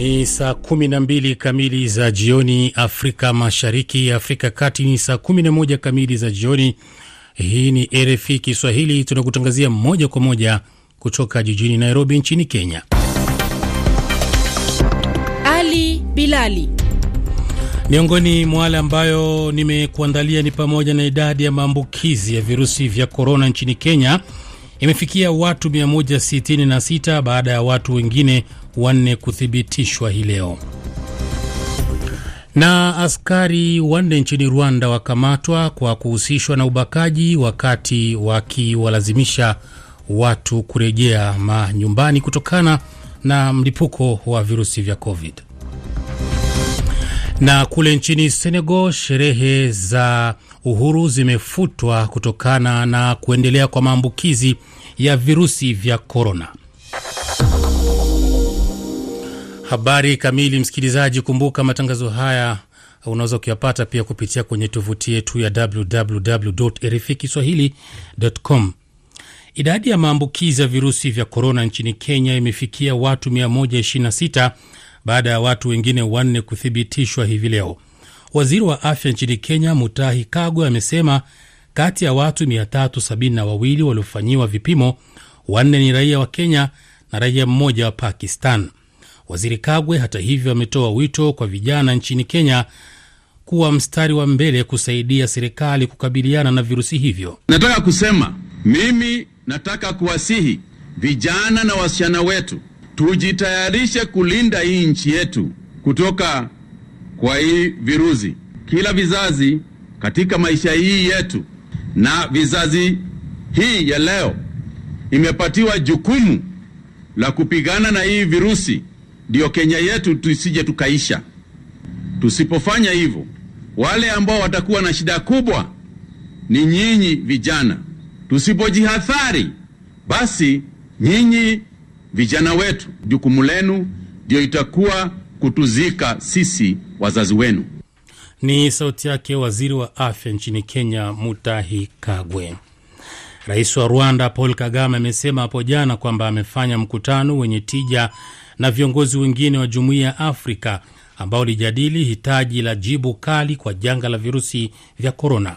Ni saa 12 kamili za jioni Afrika Mashariki, Afrika Kati ni saa 11 kamili za jioni. Hii ni RFI Kiswahili, tunakutangazia moja kwa moja kutoka jijini Nairobi nchini Kenya. Ali Bilali. Miongoni mwa wale ambayo nimekuandalia ni pamoja na idadi ya maambukizi ya virusi vya korona nchini Kenya imefikia watu 166 baada ya watu wengine wanne kuthibitishwa hii leo. Na askari wanne nchini Rwanda wakamatwa kwa kuhusishwa na ubakaji wakati wakiwalazimisha watu kurejea manyumbani kutokana na mlipuko wa virusi vya Covid. Na kule nchini Senegal sherehe za uhuru zimefutwa kutokana na kuendelea kwa maambukizi ya virusi vya korona. Habari kamili, msikilizaji, kumbuka matangazo haya unaweza kuyapata pia kupitia kwenye tovuti yetu ya www RFI Kiswahili.com. Idadi ya maambukizi ya virusi vya korona nchini Kenya imefikia watu 126 baada ya watu wengine wanne kuthibitishwa hivi leo. Waziri wa afya nchini Kenya, Mutahi Kagwe, amesema kati ya watu 372 waliofanyiwa vipimo, wanne ni raia wa Kenya na raia mmoja wa Pakistan. Waziri Kagwe, hata hivyo, ametoa wito kwa vijana nchini Kenya kuwa mstari wa mbele kusaidia serikali kukabiliana na virusi hivyo. Nataka kusema mimi, nataka kuwasihi vijana na wasichana wetu tujitayarishe kulinda hii nchi yetu kutoka kwa hii virusi. Kila vizazi katika maisha hii yetu na vizazi hii ya leo imepatiwa jukumu la kupigana na hii virusi, ndiyo Kenya yetu tusije tukaisha. Tusipofanya hivyo, wale ambao watakuwa na shida kubwa ni nyinyi vijana. Tusipojihadhari, basi nyinyi vijana wetu, jukumu lenu ndio itakuwa kutuzika sisi wazazi wenu. Ni sauti yake waziri wa afya nchini Kenya, Mutahi Kagwe. Rais wa Rwanda Paul Kagame amesema hapo jana kwamba amefanya mkutano wenye tija na viongozi wengine wa jumuiya ya Afrika ambao ulijadili hitaji la jibu kali kwa janga la virusi vya korona.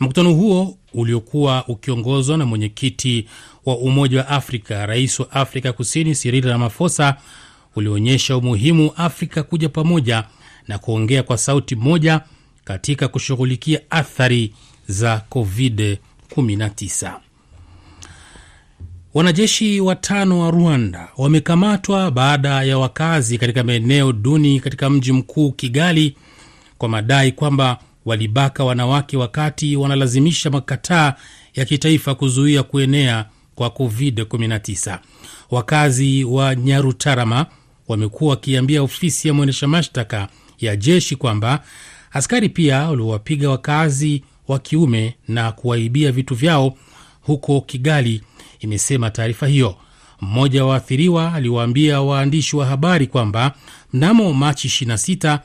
Mkutano huo uliokuwa ukiongozwa na mwenyekiti wa Umoja wa Afrika, rais wa Afrika Kusini Cyril Ramaphosa ulionyesha umuhimu Afrika kuja pamoja na kuongea kwa sauti moja katika kushughulikia athari za COVID-19. Wanajeshi watano wa Rwanda wamekamatwa baada ya wakazi katika maeneo duni katika mji mkuu Kigali kwa madai kwamba walibaka wanawake wakati wanalazimisha makataa ya kitaifa kuzuia kuenea kwa COVID-19. Wakazi wa Nyarutarama wamekuwa wakiambia ofisi ya mwendesha mashtaka ya jeshi kwamba askari pia waliwapiga wakazi wa kiume na kuwaibia vitu vyao huko Kigali, imesema taarifa hiyo. Mmoja wa waathiriwa aliwaambia waandishi wa habari kwamba mnamo Machi 26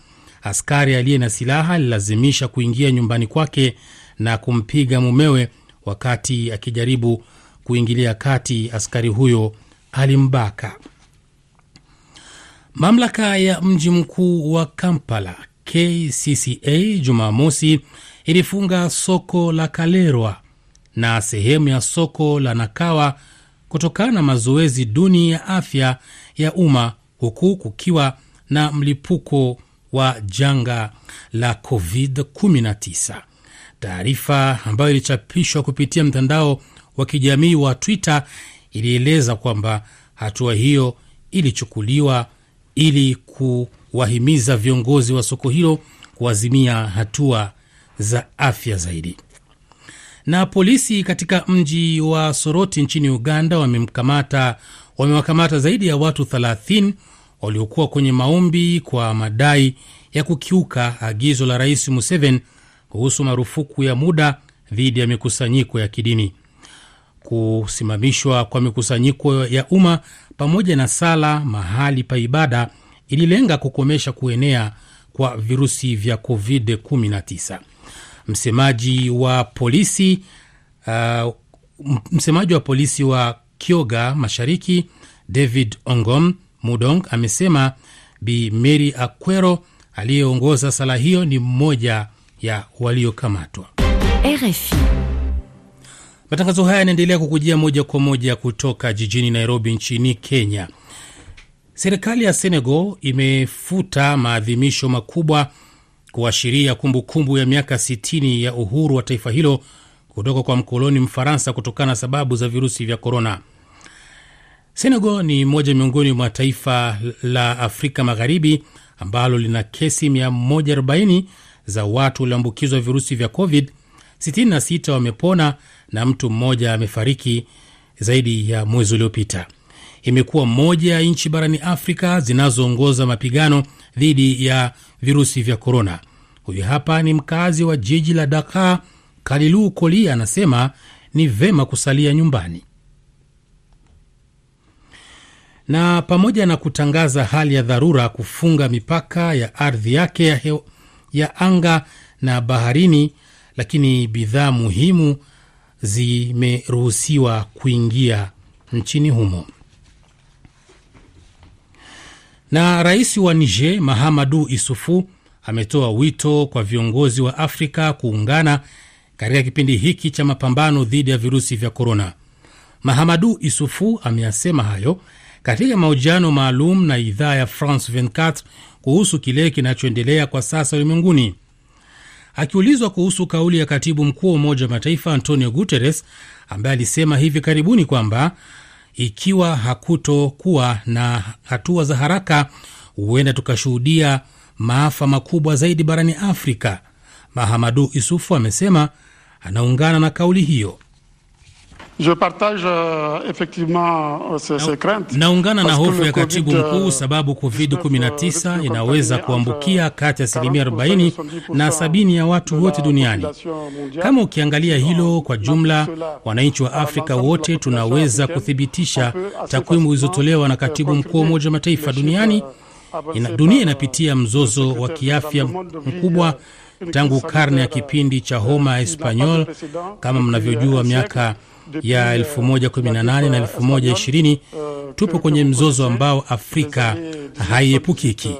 askari aliye na silaha alilazimisha kuingia nyumbani kwake na kumpiga mumewe wakati akijaribu kuingilia kati, askari huyo alimbaka. Mamlaka ya mji mkuu wa Kampala KCCA Jumamosi ilifunga soko la Kalerwa na sehemu ya soko la Nakawa kutokana na mazoezi duni ya afya ya umma huku kukiwa na mlipuko wa janga la COVID-19. Taarifa ambayo ilichapishwa kupitia mtandao wa kijamii wa Twitter ilieleza kwamba hatua hiyo ilichukuliwa ili kuwahimiza viongozi wa soko hilo kuazimia hatua za afya zaidi. Na polisi katika mji wa Soroti nchini Uganda wamemkamata wamewakamata zaidi ya watu 30 waliokuwa kwenye maombi kwa madai ya kukiuka agizo la Rais Museveni kuhusu marufuku ya muda dhidi ya mikusanyiko ya kidini. Kusimamishwa kwa mikusanyiko ya umma pamoja na sala mahali pa ibada ililenga kukomesha kuenea kwa virusi vya covid-19 msemaji wa polisi uh, msemaji wa polisi wa kyoga mashariki david ongom mudong amesema bi mary akwero aliyeongoza sala hiyo ni mmoja ya waliokamatwa rfi matangazo haya yanaendelea kukujia moja kwa moja kutoka jijini nairobi nchini kenya serikali ya senegal imefuta maadhimisho makubwa kuashiria kumbukumbu ya miaka 60 ya uhuru wa taifa hilo kutoka kwa mkoloni mfaransa kutokana na sababu za virusi vya korona senegal ni moja miongoni mwa taifa la afrika magharibi ambalo lina kesi 140 za watu walioambukizwa virusi vya covid 66 wamepona na mtu mmoja amefariki zaidi ya mwezi uliopita. Imekuwa moja ya nchi barani Afrika zinazoongoza mapigano dhidi ya virusi vya korona. Huyu hapa ni mkazi wa jiji la Dakar, Kalilu Koli, anasema ni vema kusalia nyumbani. Na pamoja na kutangaza hali ya dharura, kufunga mipaka ya ardhi yake ya, heo, ya anga na baharini lakini bidhaa muhimu zimeruhusiwa kuingia nchini humo. Na rais wa Niger Mahamadu Isufu ametoa wito kwa viongozi wa Afrika kuungana katika kipindi hiki cha mapambano dhidi ya virusi vya korona. Mahamadu Isufu ameyasema hayo katika mahojiano maalum na idhaa ya France 24 kuhusu kile kinachoendelea kwa sasa ulimwenguni. Akiulizwa kuhusu kauli ya katibu mkuu wa Umoja wa Mataifa Antonio Guterres ambaye alisema hivi karibuni kwamba ikiwa hakutokuwa na hatua za haraka huenda tukashuhudia maafa makubwa zaidi barani Afrika, Mahamadu Isufu amesema anaungana na kauli hiyo. Je partage, uh, effectivement, euh, ces, ces craintes. Naungana na hofu ya katibu mkuu euh, sababu COVID-19 euh, inaweza kuambukia kati ya asilimia 40 na sabini ya watu wote duniani. Kama ukiangalia hilo kwa jumla, wananchi wa Afrika wote tunaweza kuthibitisha takwimu zilizotolewa na katibu mkuu wa Umoja wa Mataifa duniani. Ina, dunia inapitia mzozo wa kiafya mkubwa tangu karne ya kipindi cha homa ya Espanyol, kama mnavyojua miaka ya 1118 na 1120 tupo kwenye mzozo ambao Afrika haiepukiki.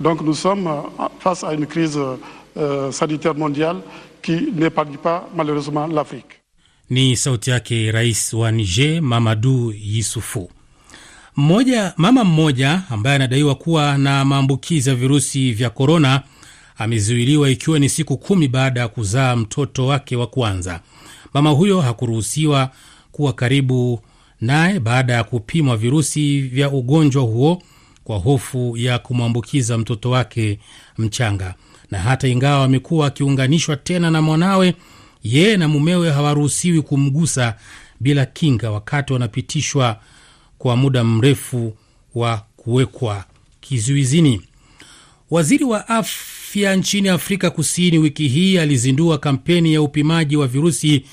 Donc nous sommes face à une crise euh, sanitaire mondiale qui pas malheureusement l'Afrique. Ni sauti yake Rais wa Niger Mamadou Yusufu. Mmoja, mama mmoja ambaye anadaiwa kuwa na maambukizi ya virusi vya korona amezuiliwa ikiwa ni siku kumi baada ya kuzaa mtoto wake wa kwanza. Mama huyo hakuruhusiwa kuwa karibu naye baada ya kupimwa virusi vya ugonjwa huo kwa hofu ya kumwambukiza mtoto wake mchanga. Na hata ingawa amekuwa akiunganishwa tena na mwanawe, yeye na mumewe hawaruhusiwi kumgusa bila kinga wakati wanapitishwa kwa muda mrefu wa kuwekwa kizuizini. Waziri wa afya nchini Afrika Kusini wiki hii alizindua kampeni ya upimaji wa virusi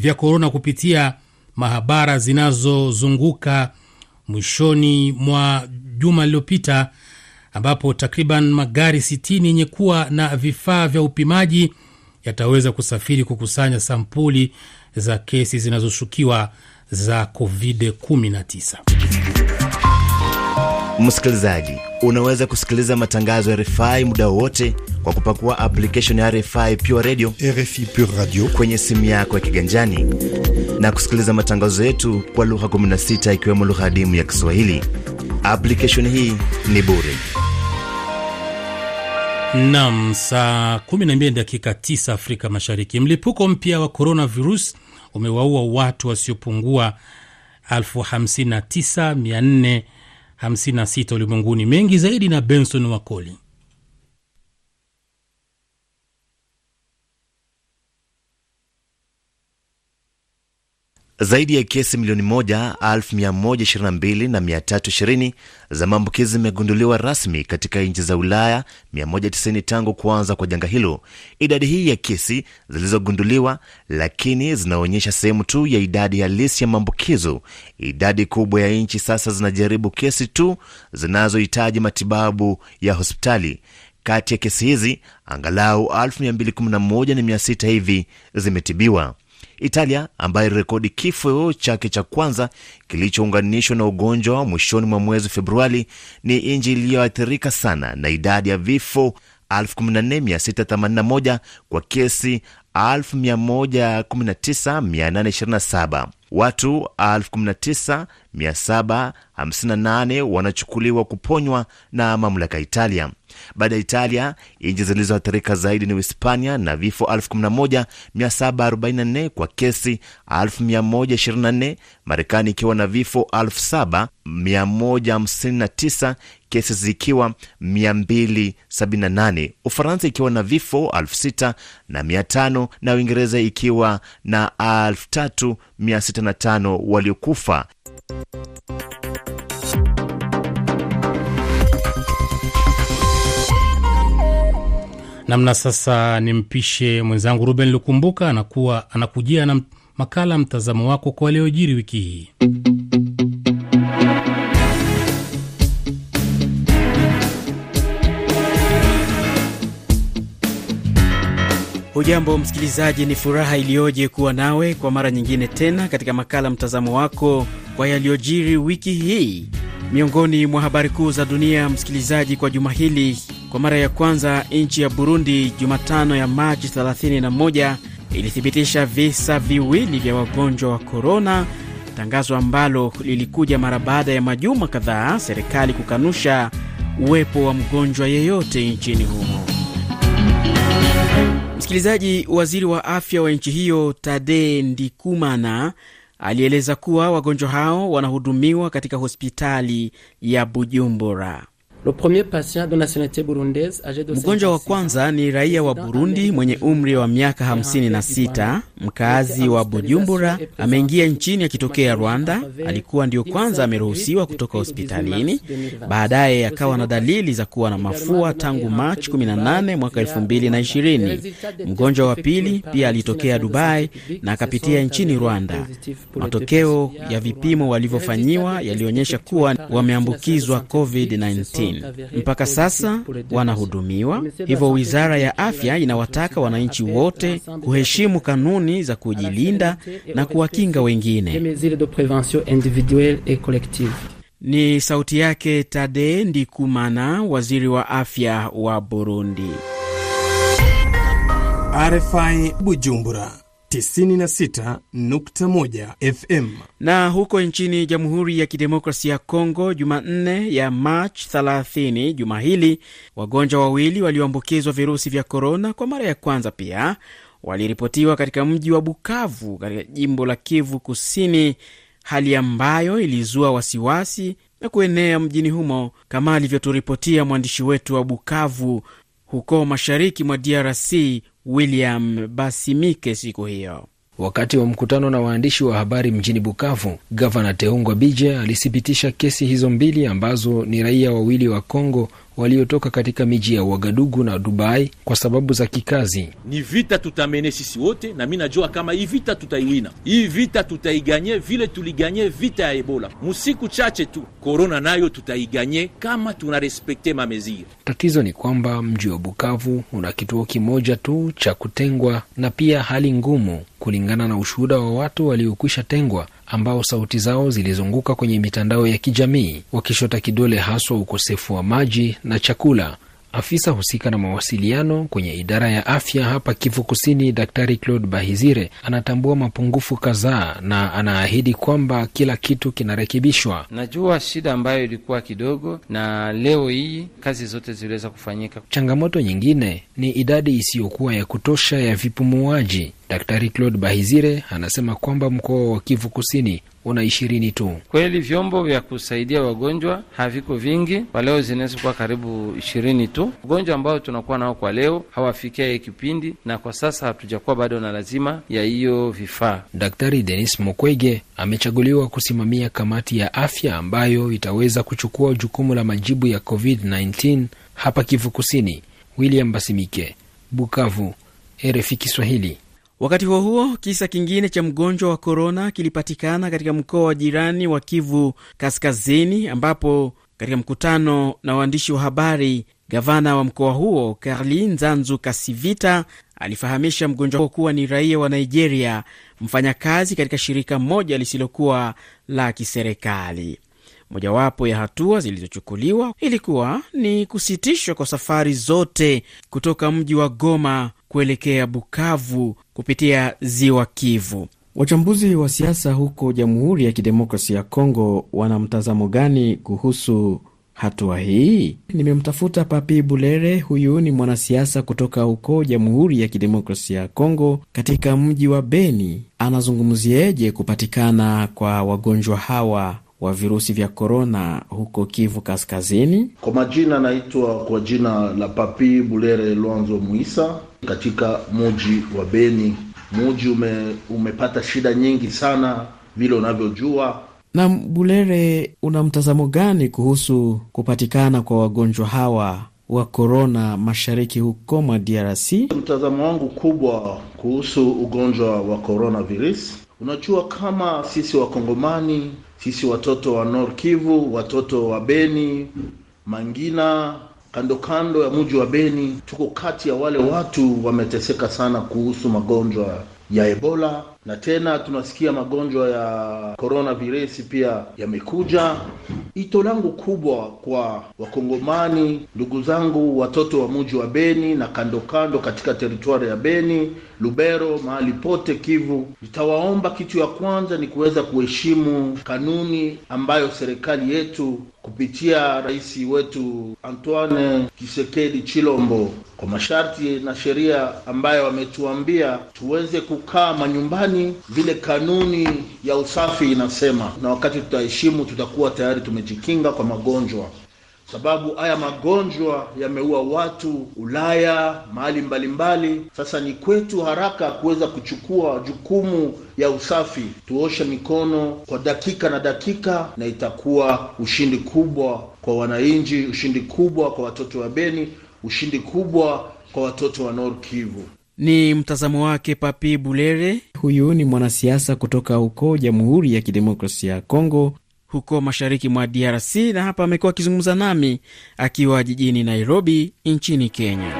vya korona kupitia mahabara zinazozunguka mwishoni mwa juma lililopita ambapo takriban magari 60 yenye kuwa na vifaa vya upimaji yataweza kusafiri kukusanya sampuli za kesi zinazoshukiwa za covid-19 Msikilizaji, unaweza kusikiliza matangazo ya RFI muda wowote kwa kupakua application ya RFI Pure Radio, RFI Pure Radio kwenye simu yako ya kiganjani na kusikiliza matangazo yetu kwa lugha 16 ikiwemo lugha adimu ya Kiswahili. Application hii ni bure. Nam, saa 12 dakika 9 Afrika Mashariki. Mlipuko mpya wa coronavirus umewaua watu wasiopungua 59400 56 ulimwenguni, mengi zaidi na Benson Wakoli. Zaidi ya kesi milioni moja elfu mia moja mbili na mia tatu ishirini za maambukizi zimegunduliwa rasmi katika nchi za Ulaya 190 tangu kuanza kwa janga hilo. Idadi hii ya kesi zilizogunduliwa lakini zinaonyesha sehemu tu ya idadi halisi ya maambukizo. Idadi kubwa ya nchi sasa zinajaribu kesi tu zinazohitaji matibabu ya hospitali. Kati ya kesi hizi angalau elfu mia mbili kumi na moja na mia sita hivi zimetibiwa. Italia ambayo ilirekodi kifo chake cha kwanza kilichounganishwa na ugonjwa mwishoni mwa mwezi Februari ni nchi iliyoathirika sana na idadi ya vifo 14681 kwa kesi 119827. Watu 19758 wanachukuliwa kuponywa na mamlaka Italia. Baada ya Italia, nchi zilizoathirika zaidi ni Uhispania na vifo 11744 kwa kesi 1124, Marekani ikiwa na vifo 7159 kesi zikiwa 278, Ufaransa ikiwa na vifo elfu na na Uingereza ikiwa na elfu waliokufa. namna. Sasa nimpishe mwenzangu Ruben Lukumbuka anakuwa anakujia na makala mtazamo wako kwa yaliyojiri wiki hii. Hujambo msikilizaji, ni furaha iliyoje kuwa nawe kwa mara nyingine tena katika makala mtazamo wako kwa yaliyojiri wiki hii. Miongoni mwa habari kuu za dunia msikilizaji, kwa juma hili kwa mara ya kwanza nchi ya Burundi Jumatano ya Machi 31 ilithibitisha visa viwili vya wagonjwa wa korona, tangazo ambalo lilikuja mara baada ya majuma kadhaa serikali kukanusha uwepo wa mgonjwa yeyote nchini humo. Msikilizaji, waziri wa afya wa nchi hiyo Tade Ndikumana alieleza kuwa wagonjwa hao wanahudumiwa katika hospitali ya Bujumbura. Mgonjwa wa kwanza ni raia wa Burundi mwenye umri wa miaka 56, mkaazi wa Bujumbura. Ameingia nchini akitokea Rwanda. Alikuwa ndio kwanza ameruhusiwa kutoka hospitalini, baadaye akawa na dalili za kuwa na mafua tangu Machi 18 mwaka 2020. Mgonjwa wa pili pia alitokea Dubai na akapitia nchini Rwanda. Matokeo ya vipimo walivyofanyiwa yalionyesha kuwa wameambukizwa COVID-19. Ukraine. Mpaka sasa wanahudumiwa, hivyo wizara ya afya inawataka wananchi wote kuheshimu kanuni za kujilinda na kuwakinga wengine. Ni sauti yake Tade Ndikumana, waziri wa afya wa Burundi. RFI Bujumbura 96.1 FM. Na huko nchini Jamhuri ya Kidemokrasia ya Kongo, Jumanne ya Machi 30 juma hili, wagonjwa wawili walioambukizwa virusi vya korona kwa mara ya kwanza pia waliripotiwa katika mji wa Bukavu katika jimbo la Kivu Kusini, hali ambayo ilizua wasiwasi na kuenea mjini humo, kama alivyoturipotia mwandishi wetu wa Bukavu huko mashariki mwa DRC William Basimike siku hiyo. Wakati wa mkutano na waandishi wa habari mjini Bukavu, gavana Teungwa Bije alithibitisha kesi hizo mbili ambazo ni raia wawili wa Kongo waliotoka katika miji ya Wagadugu na Dubai kwa sababu za kikazi. Ni vita tutamene sisi wote, na mi najua kama hii vita tutaiwina, hii vita tutaiganye vile tuliganye vita ya Ebola. Musiku chache tu korona nayo tutaiganye kama tunarespekte mamezia Tatizo ni kwamba mji wa Bukavu una kituo kimoja tu cha kutengwa na pia hali ngumu, kulingana na ushuhuda wa watu waliokwisha tengwa ambao sauti zao zilizunguka kwenye mitandao ya kijamii wakishota kidole haswa ukosefu wa maji na chakula. Afisa husika na mawasiliano kwenye idara ya afya hapa Kivu Kusini, Daktari Claude Bahizire anatambua mapungufu kadhaa na anaahidi kwamba kila kitu kinarekebishwa. Najua shida ambayo ilikuwa kidogo, na leo hii kazi zote ziliweza kufanyika. Changamoto nyingine ni idadi isiyokuwa ya kutosha ya vipumuaji. Daktari Claude Bahizire anasema kwamba mkoa wa Kivu Kusini una ishirini tu. Kweli vyombo vya kusaidia wagonjwa haviko vingi kwa leo, zinaweza kuwa karibu ishirini tu. Wagonjwa ambao tunakuwa nao kwa leo hawafikia ye kipindi, na kwa sasa hatujakuwa bado na lazima ya hiyo vifaa. Daktari Denis Mukwege amechaguliwa kusimamia kamati ya afya ambayo itaweza kuchukua jukumu la majibu ya COVID-19 hapa Kivu Kusini William Basimike, Bukavu, RFI Kiswahili. Wakati huo huo, kisa kingine cha mgonjwa wa korona kilipatikana katika mkoa wa jirani wa Kivu Kaskazini, ambapo katika mkutano na waandishi wa habari, gavana wa mkoa huo Karli Nzanzu Kasivita alifahamisha mgonjwa huo kuwa ni raia wa Nigeria, mfanyakazi katika shirika moja lisilokuwa la kiserikali. Mojawapo ya hatua zilizochukuliwa ilikuwa ni kusitishwa kwa safari zote kutoka mji wa Goma kuelekea Bukavu kupitia ziwa Kivu. Wachambuzi wa siasa huko Jamhuri ya Kidemokrasia ya Kongo wana mtazamo gani kuhusu hatua hii? Nimemtafuta Papi Bulere, huyu ni mwanasiasa kutoka huko Jamhuri ya Kidemokrasia ya Kongo katika mji wa Beni. Anazungumzieje kupatikana kwa wagonjwa hawa wa virusi vya korona huko Kivu Kaskazini. Kwa majina anaitwa kwa jina la Papi Bulere Lwanzo Muisa katika muji wa Beni. Muji ume, umepata shida nyingi sana vile unavyojua. Na Bulere, una mtazamo gani kuhusu kupatikana kwa wagonjwa hawa wa korona mashariki huko mwa DRC? Mtazamo wangu kubwa kuhusu ugonjwa wa coronavirus Unajua, kama sisi Wakongomani, sisi watoto wa Nord Kivu, watoto wa Beni, Mangina, kando kando ya mji wa Beni, tuko kati ya wale watu wameteseka sana kuhusu magonjwa ya Ebola na tena tunasikia magonjwa ya korona pia yamekuja. Ito langu kubwa kwa Wakongomani, ndugu zangu, watoto wa muji wa Beni na kando kando katika teritwari ya Beni, Lubero, mahali pote Kivu, nitawaomba kitu ya kwanza ni kuweza kuheshimu kanuni ambayo serikali yetu kupitia rais wetu Antoine Kisekedi Chilombo, kwa masharti na sheria ambayo wametuambia tuweze kukaa manyumbani gani vile kanuni ya usafi inasema, na wakati tutaheshimu, tutakuwa tayari tumejikinga kwa magonjwa, sababu haya magonjwa yameua watu Ulaya, mahali mbalimbali. Sasa ni kwetu haraka kuweza kuchukua jukumu ya usafi, tuoshe mikono kwa dakika na dakika, na itakuwa ushindi kubwa kwa wananchi, ushindi kubwa kwa watoto wa Beni, ushindi kubwa kwa watoto wa Nord Kivu. Ni mtazamo wake Papi Bulere. Huyu ni mwanasiasa kutoka huko Jamhuri ya Kidemokrasia ya Kongo, huko mashariki mwa DRC, na hapa amekuwa akizungumza nami akiwa jijini Nairobi nchini Kenya.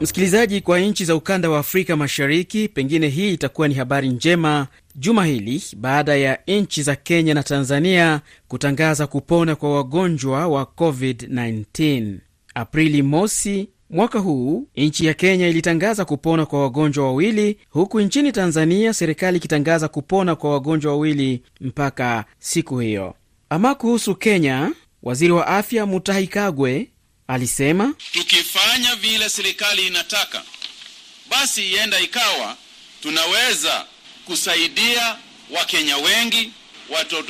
Msikilizaji, kwa nchi za ukanda wa Afrika Mashariki, pengine hii itakuwa ni habari njema juma hili baada ya nchi za Kenya na Tanzania kutangaza kupona kwa wagonjwa wa COVID-19. Aprili mosi mwaka huu nchi ya Kenya ilitangaza kupona kwa wagonjwa wawili, huku nchini Tanzania serikali ikitangaza kupona kwa wagonjwa wawili mpaka siku hiyo. Ama kuhusu Kenya, waziri wa afya Mutahi Kagwe alisema tukifanya vile serikali inataka, basi ienda ikawa tunaweza kusaidia Wakenya wengi watu,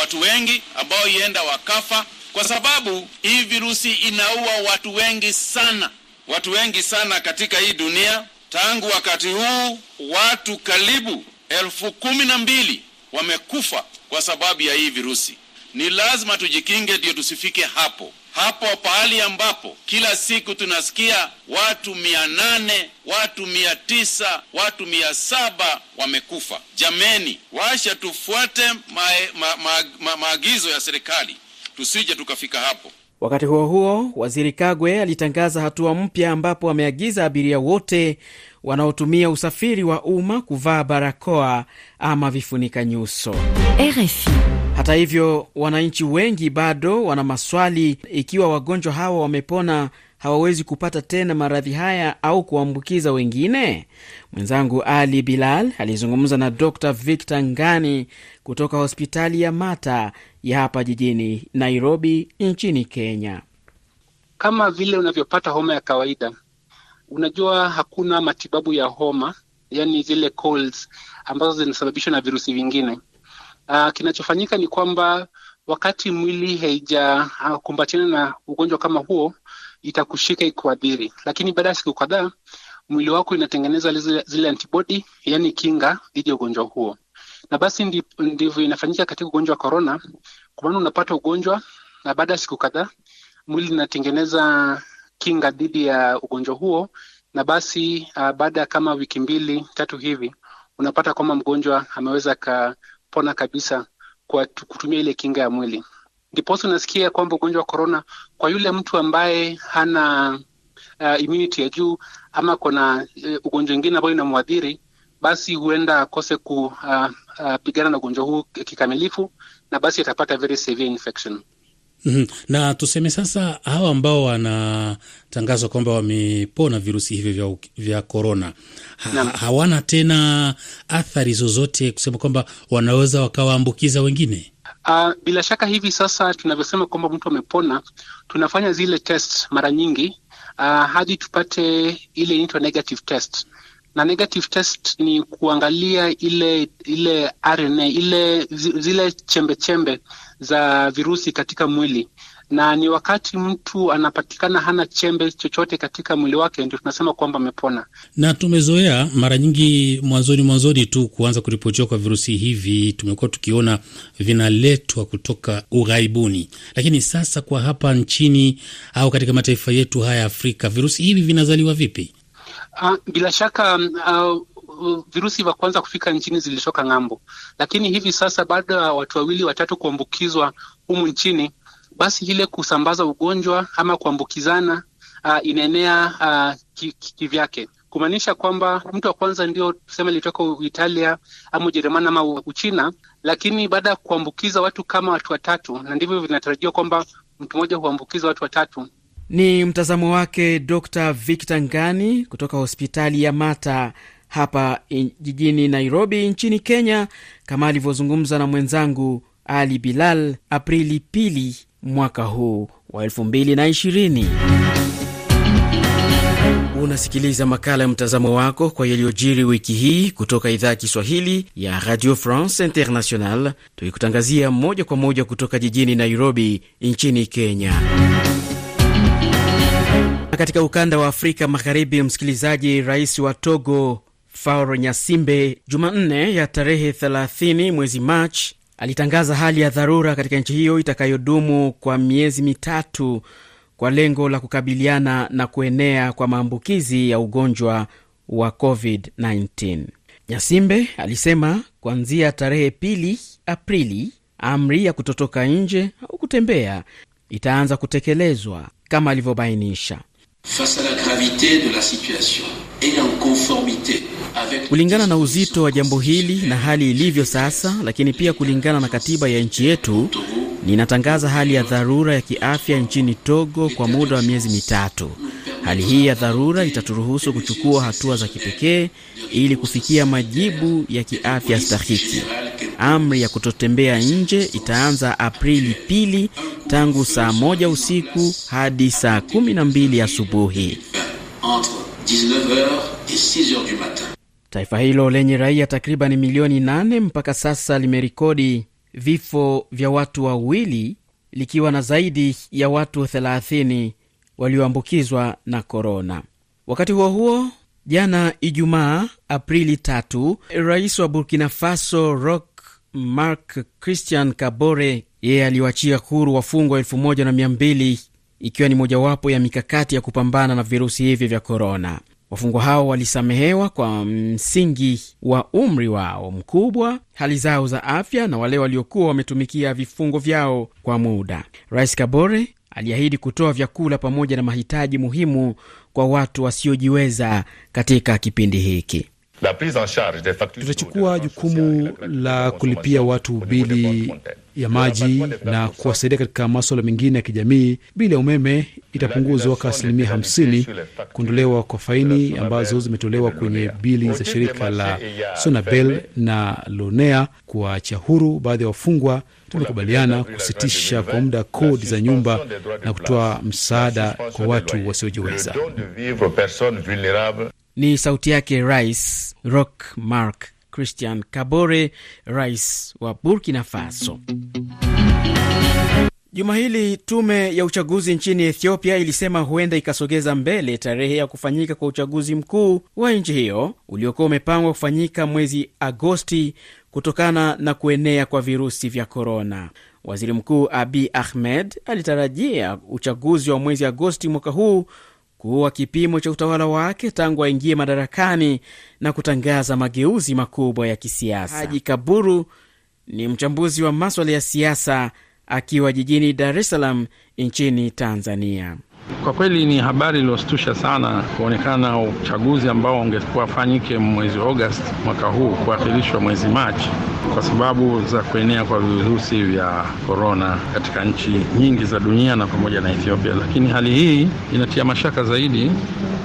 watu wengi ambao ienda wakafa, kwa sababu hii virusi inaua watu wengi sana, watu wengi sana katika hii dunia. Tangu wakati huu watu karibu elfu kumi na mbili wamekufa kwa sababu ya hii virusi. Ni lazima tujikinge, ndio tusifike hapo hapo pahali ambapo kila siku tunasikia watu mia nane watu mia tisa watu mia saba wamekufa. Jameni, washa tufuate maagizo ma, ma, ma, ma ya serikali, tusije tukafika hapo. Wakati huo huo, waziri Kagwe alitangaza hatua mpya ambapo ameagiza abiria wote wanaotumia usafiri wa umma kuvaa barakoa ama vifunika nyuso RFI. Hata hivyo, wananchi wengi bado wana maswali ikiwa wagonjwa hawa wamepona hawawezi kupata tena maradhi haya au kuambukiza wengine? Mwenzangu Ali Bilal alizungumza na Dr Victor Ngani kutoka hospitali ya Mata ya hapa jijini Nairobi nchini Kenya. Kama vile unavyopata homa ya kawaida, unajua hakuna matibabu ya homa, yani zile colds ambazo zinasababishwa na virusi vingine. Uh, kinachofanyika ni kwamba wakati mwili haijakumbatiana ah, na ugonjwa kama huo, itakushika ikuadhiri, lakini baada ya siku kadhaa mwili wako inatengeneza zile, zile antibody, yani kinga dhidi ya ugonjwa huo, na basi ndivyo inafanyika katika ugonjwa wa korona. Kwa maana unapata ugonjwa na baada ya siku kadhaa mwili inatengeneza kinga dhidi ya ugonjwa huo, na basi uh, baada ya kama wiki mbili tatu hivi unapata kwamba mgonjwa ameweza akapona kabisa kwa kutumia ile kinga ya mwili. Ndiposa unasikia kwamba ugonjwa wa korona kwa yule mtu ambaye hana uh, immunity ya juu ama kuna uh, ugonjwa wingine ambayo inamwadhiri, basi huenda akose kupigana uh, uh, na ugonjwa huu kikamilifu, na basi atapata very severe infection. Mm -hmm. Na tuseme sasa hawa ambao wanatangazwa kwamba wamepona virusi hivyo vya korona ha, hawana tena athari zozote kusema kwamba wanaweza wakawaambukiza wengine. Uh, bila shaka hivi sasa tunavyosema kwamba mtu amepona, tunafanya zile test mara nyingi uh, hadi tupate ile inaitwa negative test na negative test ni kuangalia ile ile RNA ile zile chembe chembe za virusi katika mwili, na ni wakati mtu anapatikana hana chembe chochote katika mwili wake ndio tunasema kwamba amepona. Na tumezoea mara nyingi mwanzoni mwanzoni tu kuanza kuripotiwa kwa virusi hivi, tumekuwa tukiona vinaletwa kutoka ughaibuni, lakini sasa kwa hapa nchini au katika mataifa yetu haya Afrika, virusi hivi vinazaliwa vipi? Uh, bila shaka uh, virusi vya kwanza kufika nchini zilitoka ng'ambo, lakini hivi sasa baada ya watu wawili watatu kuambukizwa humu nchini, basi ile kusambaza ugonjwa ama kuambukizana uh, inaenea uh, kivyake kumaanisha kwamba mtu wa kwanza ndio tuseme alitoka Italia ama Ujerumani ama Uchina, lakini baada ya kuambukiza watu kama watu watatu, na ndivyo vinatarajiwa kwamba mtu mmoja huambukiza watu watatu ni mtazamo wake Dr Victor Ngani kutoka hospitali ya Mata hapa jijini Nairobi nchini Kenya, kama alivyozungumza na mwenzangu Ali Bilal Aprili pili mwaka huu wa 2020. Unasikiliza makala ya mtazamo wako kwa yaliyojiri wiki hii kutoka idhaa ya Kiswahili ya Radio France International, tukikutangazia moja kwa moja kutoka jijini Nairobi nchini Kenya. Katika ukanda wa Afrika Magharibi, msikilizaji, rais wa Togo Faure Nyasimbe Jumanne ya tarehe 30 mwezi Machi alitangaza hali ya dharura katika nchi hiyo itakayodumu kwa miezi mitatu kwa lengo la kukabiliana na kuenea kwa maambukizi ya ugonjwa wa COVID-19. Nyasimbe alisema kuanzia tarehe pili Aprili, amri ya kutotoka nje au kutembea itaanza kutekelezwa kama alivyobainisha. Kulingana na uzito wa jambo hili na hali ilivyo sasa, lakini pia kulingana na katiba ya nchi yetu, ninatangaza hali ya dharura ya kiafya nchini Togo kwa muda wa miezi mitatu. Hali hii ya dharura itaturuhusu kuchukua hatua za kipekee ili kufikia majibu ya kiafya stahiki. Amri ya kutotembea nje itaanza Aprili pili tangu saa moja usiku hadi saa kumi na mbili asubuhi. Taifa hilo lenye raia takriban milioni nane mpaka sasa limerekodi vifo vya watu wawili likiwa na zaidi ya watu 30 walioambukizwa na korona. Wakati huo huo, jana Ijumaa Aprili 3 rais wa Burkina Faso Roch Mark Christian Kabore, yeye aliwachia huru wafungwa elfu moja na mia mbili ikiwa ni mojawapo ya mikakati ya kupambana na virusi hivi vya korona. Wafungwa hao walisamehewa kwa msingi wa umri wao mkubwa, hali zao za afya na wale waliokuwa wametumikia vifungo vyao kwa muda. Rais Kabore aliahidi kutoa vyakula pamoja na mahitaji muhimu kwa watu wasiojiweza katika kipindi hiki. Tutachukua jukumu la kulipia watu bili ya maji na kuwasaidia katika maswala mengine ya kijamii. Bili ya umeme itapunguzwa kwa asilimia hamsini, kuondolewa kwa faini ambazo zimetolewa kwenye bili za shirika la Sonabel na Lonea, kuwaacha huru baadhi ya wafungwa. Tumekubaliana kusitisha kwa muda kodi za nyumba na kutoa msaada kwa watu wasiojiweza. Ni sauti yake Rais rock mark Christian cabore rais wa Burkina Faso. Juma hili tume ya uchaguzi nchini Ethiopia ilisema huenda ikasogeza mbele tarehe ya kufanyika kwa uchaguzi mkuu wa nchi hiyo uliokuwa umepangwa kufanyika mwezi Agosti kutokana na kuenea kwa virusi vya korona. Waziri Mkuu abi Ahmed alitarajia uchaguzi wa mwezi Agosti mwaka huu kuwa kipimo cha utawala wake tangu aingie madarakani na kutangaza mageuzi makubwa ya kisiasa. Haji Kaburu ni mchambuzi wa maswala ya siasa akiwa jijini Dar es Salaam nchini Tanzania. Kwa kweli ni habari iliyostusha sana kuonekana uchaguzi ambao ungekuwa fanyike mwezi Agosti mwaka huu kuahirishwa mwezi Machi kwa sababu za kuenea kwa virusi vya korona katika nchi nyingi za dunia na pamoja na Ethiopia. Lakini hali hii inatia mashaka zaidi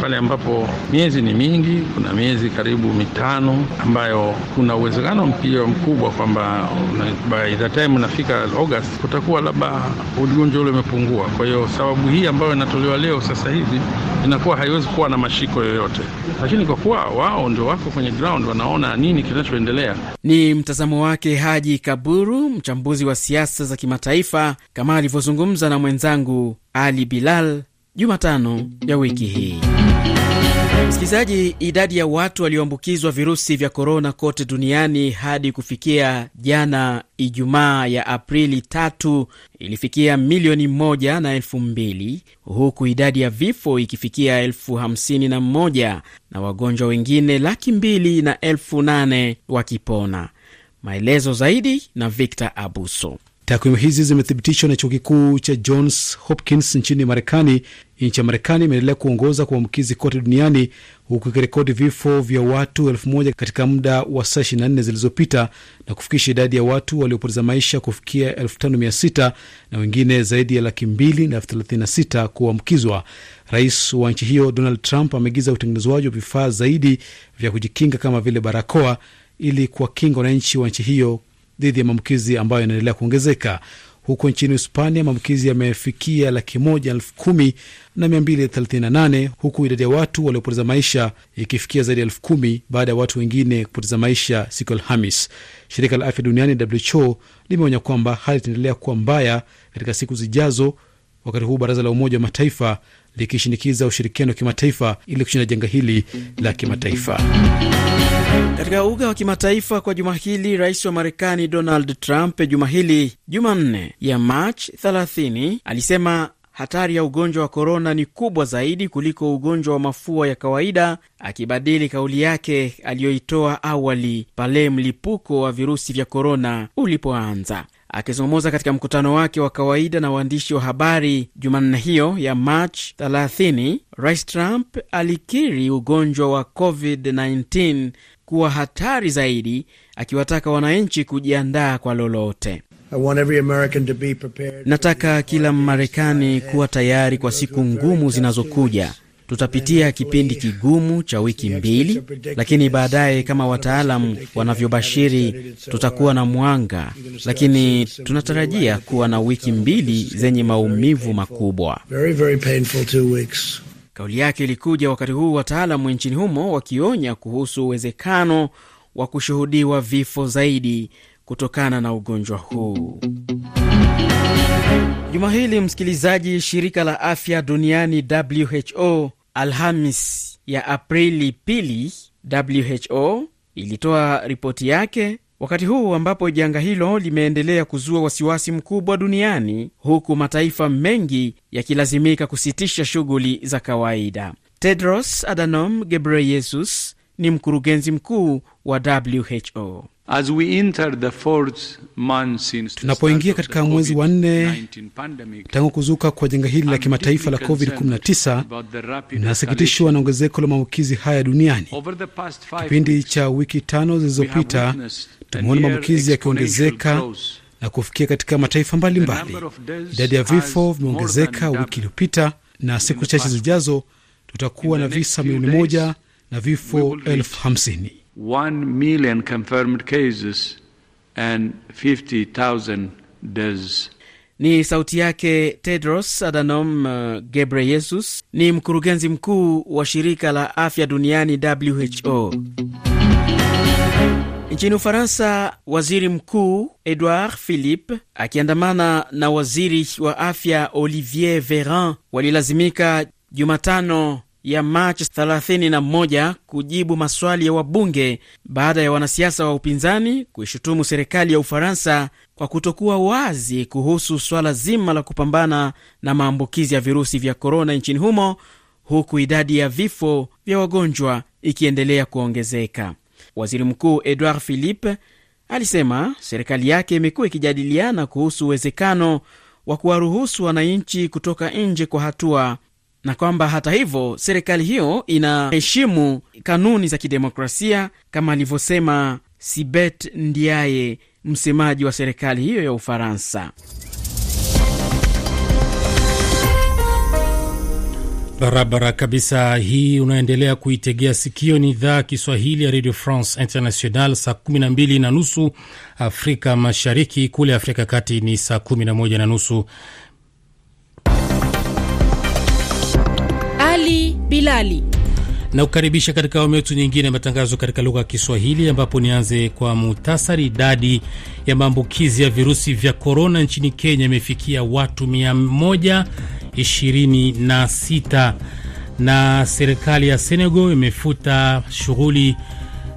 pale ambapo miezi ni mingi, kuna miezi karibu mitano ambayo kuna uwezekano mpio mkubwa kwamba by the time unafika Agosti kutakuwa labda ugonjwa ule umepungua. Kwa hiyo sababu hii ambayo inatolewa leo sasa hivi inakuwa haiwezi kuwa na mashiko yoyote, lakini kwa kuwa wao ndio wako kwenye ground, wanaona nini kinachoendelea. Ni mtazamo wake Haji Kaburu, mchambuzi wa siasa za kimataifa, kama alivyozungumza na mwenzangu Ali Bilal Jumatano ya wiki hii. Msikilizaji, idadi ya watu walioambukizwa virusi vya korona kote duniani hadi kufikia jana Ijumaa ya Aprili tatu ilifikia milioni moja na elfu mbili huku idadi ya vifo ikifikia elfu hamsini na moja na wagonjwa wengine laki mbili na elfu nane wakipona. Maelezo zaidi na Victor Abuso. Takwimu hizi zimethibitishwa na chuo kikuu cha Johns Hopkins nchini Marekani. Nchi ya Marekani imeendelea kuongoza kwa uambukizi kote duniani huku ikirekodi vifo vya watu elfu moja katika muda wa saa 24 zilizopita na kufikisha idadi ya watu waliopoteza maisha kufikia 56 na wengine zaidi ya laki mbili na elfu thelathini na sita kuambukizwa. Rais wa nchi hiyo Donald Trump ameagiza utengenezwaji wa vifaa zaidi vya kujikinga kama vile barakoa ili kuwakinga wananchi wa nchi hiyo dhidi ya maambukizi ambayo yanaendelea kuongezeka. Huko nchini Hispania, maambukizi yamefikia laki moja elfu kumi na mia mbili thelathini na nane huku idadi ya watu waliopoteza maisha ikifikia zaidi ya elfu kumi baada ya watu wengine kupoteza maisha siku Alhamis. Shirika la afya duniani WHO limeonya kwamba hali itaendelea kuwa mbaya katika siku zijazo, wakati huu baraza la Umoja wa Mataifa likishinikiza ushirikiano wa kimataifa ili kushinda janga hili la kimataifa. Katika uga wa kimataifa kwa juma hili, rais wa Marekani Donald Trump juma hili Jumanne ya Machi 30 alisema hatari ya ugonjwa wa korona ni kubwa zaidi kuliko ugonjwa wa mafua ya kawaida, akibadili kauli yake aliyoitoa awali pale mlipuko wa virusi vya korona ulipoanza. Akizungumza katika mkutano wake wa kawaida na waandishi wa habari Jumanne hiyo ya Machi 30, Rais Trump alikiri ugonjwa wa COVID-19 kuwa hatari zaidi, akiwataka wananchi kujiandaa kwa lolote. Nataka kila Mmarekani kuwa tayari kwa siku ngumu zinazokuja Tutapitia kipindi kigumu cha wiki mbili, lakini baadaye, kama wataalam wanavyobashiri, tutakuwa na mwanga, lakini tunatarajia kuwa na wiki mbili zenye maumivu makubwa. Kauli yake ilikuja wakati huu wataalamu nchini humo wakionya kuhusu uwezekano wa kushuhudiwa vifo zaidi kutokana na ugonjwa huu. Juma hili msikilizaji, shirika la afya duniani WHO Alhamis ya Aprili pili, WHO ilitoa ripoti yake wakati huu ambapo janga hilo limeendelea kuzua wasiwasi mkubwa duniani huku mataifa mengi yakilazimika kusitisha shughuli za kawaida. Tedros Adhanom Ghebreyesus ni mkurugenzi mkuu wa WHO. Tunapoingia katika mwezi wa nne tangu kuzuka kwa janga hili la kimataifa la COVID-19, nasikitishwa na ongezeko la maambukizi haya duniani. Kipindi cha wiki tano zilizopita, tumeona maambukizi yakiongezeka na kufikia katika mataifa mbalimbali. Idadi ya vifo vimeongezeka wiki iliyopita, na siku chache zijazo tutakuwa na visa milioni moja na vifo elfu hamsini. Ni sauti yake Tedros Adhanom uh, Ghebreyesus, ni mkurugenzi mkuu wa shirika la afya duniani WHO. Nchini Ufaransa, waziri mkuu Edouard Philippe akiandamana na waziri wa afya Olivier Veran walilazimika Jumatano ya Machi 31 kujibu maswali ya wabunge baada ya wanasiasa wa upinzani kuishutumu serikali ya Ufaransa kwa kutokuwa wazi kuhusu swala zima la kupambana na maambukizi ya virusi vya korona nchini humo, huku idadi ya vifo vya wagonjwa ikiendelea kuongezeka. Waziri Mkuu Edouard Philippe alisema serikali yake imekuwa ikijadiliana kuhusu uwezekano wa kuwaruhusu wananchi kutoka nje kwa hatua na kwamba hata hivyo serikali hiyo inaheshimu kanuni za kidemokrasia kama alivyosema Sibet Ndiaye, msemaji wa serikali hiyo ya Ufaransa. Barabara kabisa. Hii unaendelea kuitegea sikio, ni idhaa Kiswahili ya Radio France International. Saa 12 na nusu Afrika Mashariki, kule Afrika Kati ni saa 11 na nusu. Bilali na kukaribisha katika awamu yetu nyingine ya matangazo katika lugha ya Kiswahili, ambapo nianze kwa muhtasari. Idadi ya maambukizi ya virusi vya korona nchini Kenya imefikia watu 126 na serikali ya Senegal imefuta shughuli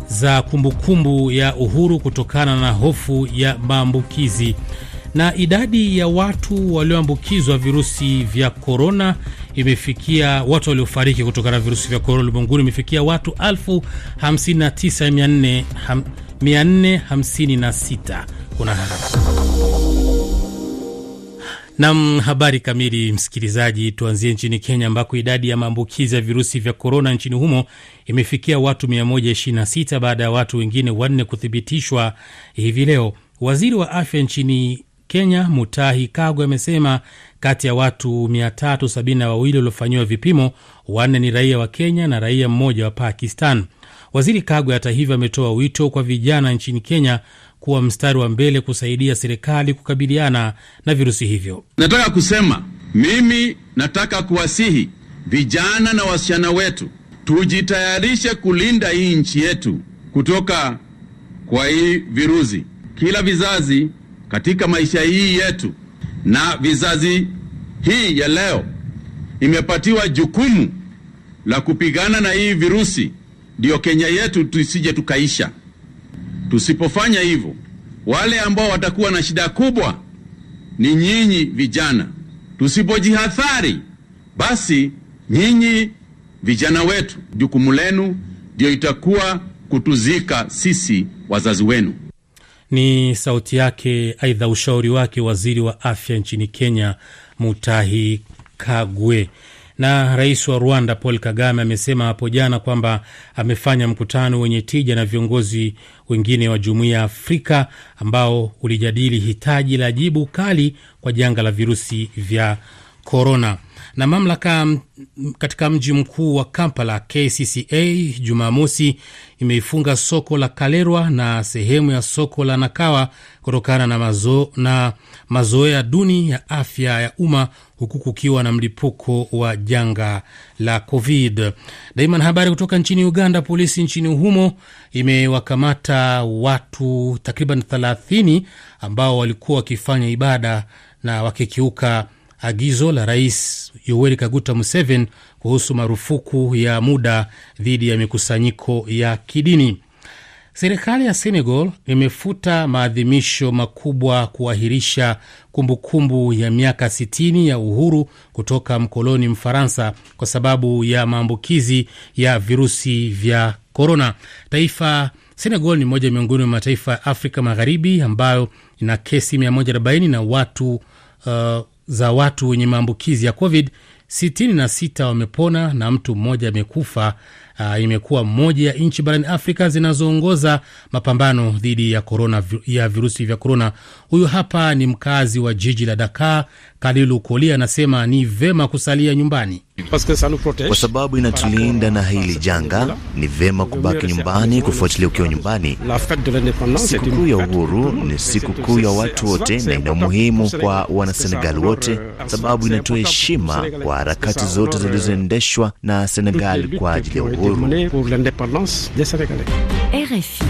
za kumbukumbu kumbu ya uhuru kutokana na hofu ya maambukizi. Na idadi ya watu walioambukizwa virusi vya korona imefikia watu waliofariki kutokana na virusi vya korona ulimwenguni imefikia watu 59456 kuna nam habari kamili, msikilizaji. Tuanzie nchini Kenya ambako idadi ya maambukizi ya virusi vya korona nchini humo imefikia watu 126 baada ya watu wengine wanne kuthibitishwa hivi leo. Waziri wa afya nchini Kenya Mutahi Kagwe amesema kati ya watu 372 waliofanyiwa vipimo, wanne ni raia wa Kenya na raia mmoja wa Pakistan. Waziri Kagwe hata hivyo ametoa wito kwa vijana nchini Kenya kuwa mstari wa mbele kusaidia serikali kukabiliana na virusi hivyo. Nataka kusema mimi, nataka kuwasihi vijana na wasichana wetu tujitayarishe kulinda hii nchi yetu kutoka kwa hii virusi. Kila vizazi katika maisha hii yetu na vizazi hii ya leo imepatiwa jukumu la kupigana na hii virusi, ndiyo Kenya yetu tusije tukaisha. Tusipofanya hivyo, wale ambao watakuwa na shida kubwa ni nyinyi vijana. Tusipojihadhari, basi nyinyi vijana wetu, jukumu lenu ndio itakuwa kutuzika sisi wazazi wenu. Ni sauti yake. Aidha, ushauri wake waziri wa afya nchini Kenya Mutahi Kagwe. Na rais wa Rwanda Paul Kagame amesema hapo jana kwamba amefanya mkutano wenye tija na viongozi wengine wa jumuiya ya Afrika ambao ulijadili hitaji la jibu kali kwa janga la virusi vya korona na mamlaka katika mji mkuu wa Kampala, KCCA, Jumamosi imeifunga soko la Kalerwa na sehemu ya soko la Nakawa kutokana na mazo, na mazoea duni ya afya ya umma huku kukiwa na mlipuko wa janga la Covid. Daima na habari kutoka nchini Uganda, polisi nchini humo imewakamata watu takriban 30 ambao walikuwa wakifanya ibada na wakikiuka agizo la rais Yoweri Kaguta Museveni kuhusu marufuku ya muda dhidi ya mikusanyiko ya kidini. Serikali ya Senegal imefuta maadhimisho makubwa kuahirisha kumbukumbu ya miaka 60 ya uhuru kutoka mkoloni Mfaransa kwa sababu ya maambukizi ya virusi vya korona. Taifa Senegal ni moja miongoni mwa mataifa ya Afrika Magharibi ambayo ina kesi 140 na watu uh, za watu wenye maambukizi ya COVID, 66 wamepona na mtu mmoja amekufa uh, imekuwa moja ya nchi barani Afrika zinazoongoza mapambano dhidi ya korona, ya virusi vya korona. Huyu hapa ni mkazi wa jiji la Dakar, Kalilu koli anasema ni vema kusalia nyumbani kwa sababu inatulinda na hili janga. Ni vema kubaki nyumbani kufuatilia ukiwa nyumbani. Sikukuu ya uhuru ni sikukuu ya watu wote na ina umuhimu kwa Wanasenegali wote, sababu inatoa heshima kwa harakati zote zilizoendeshwa na Senegali kwa ajili ya uhuru mener pour l'indépendance des Sénégalais. RFI.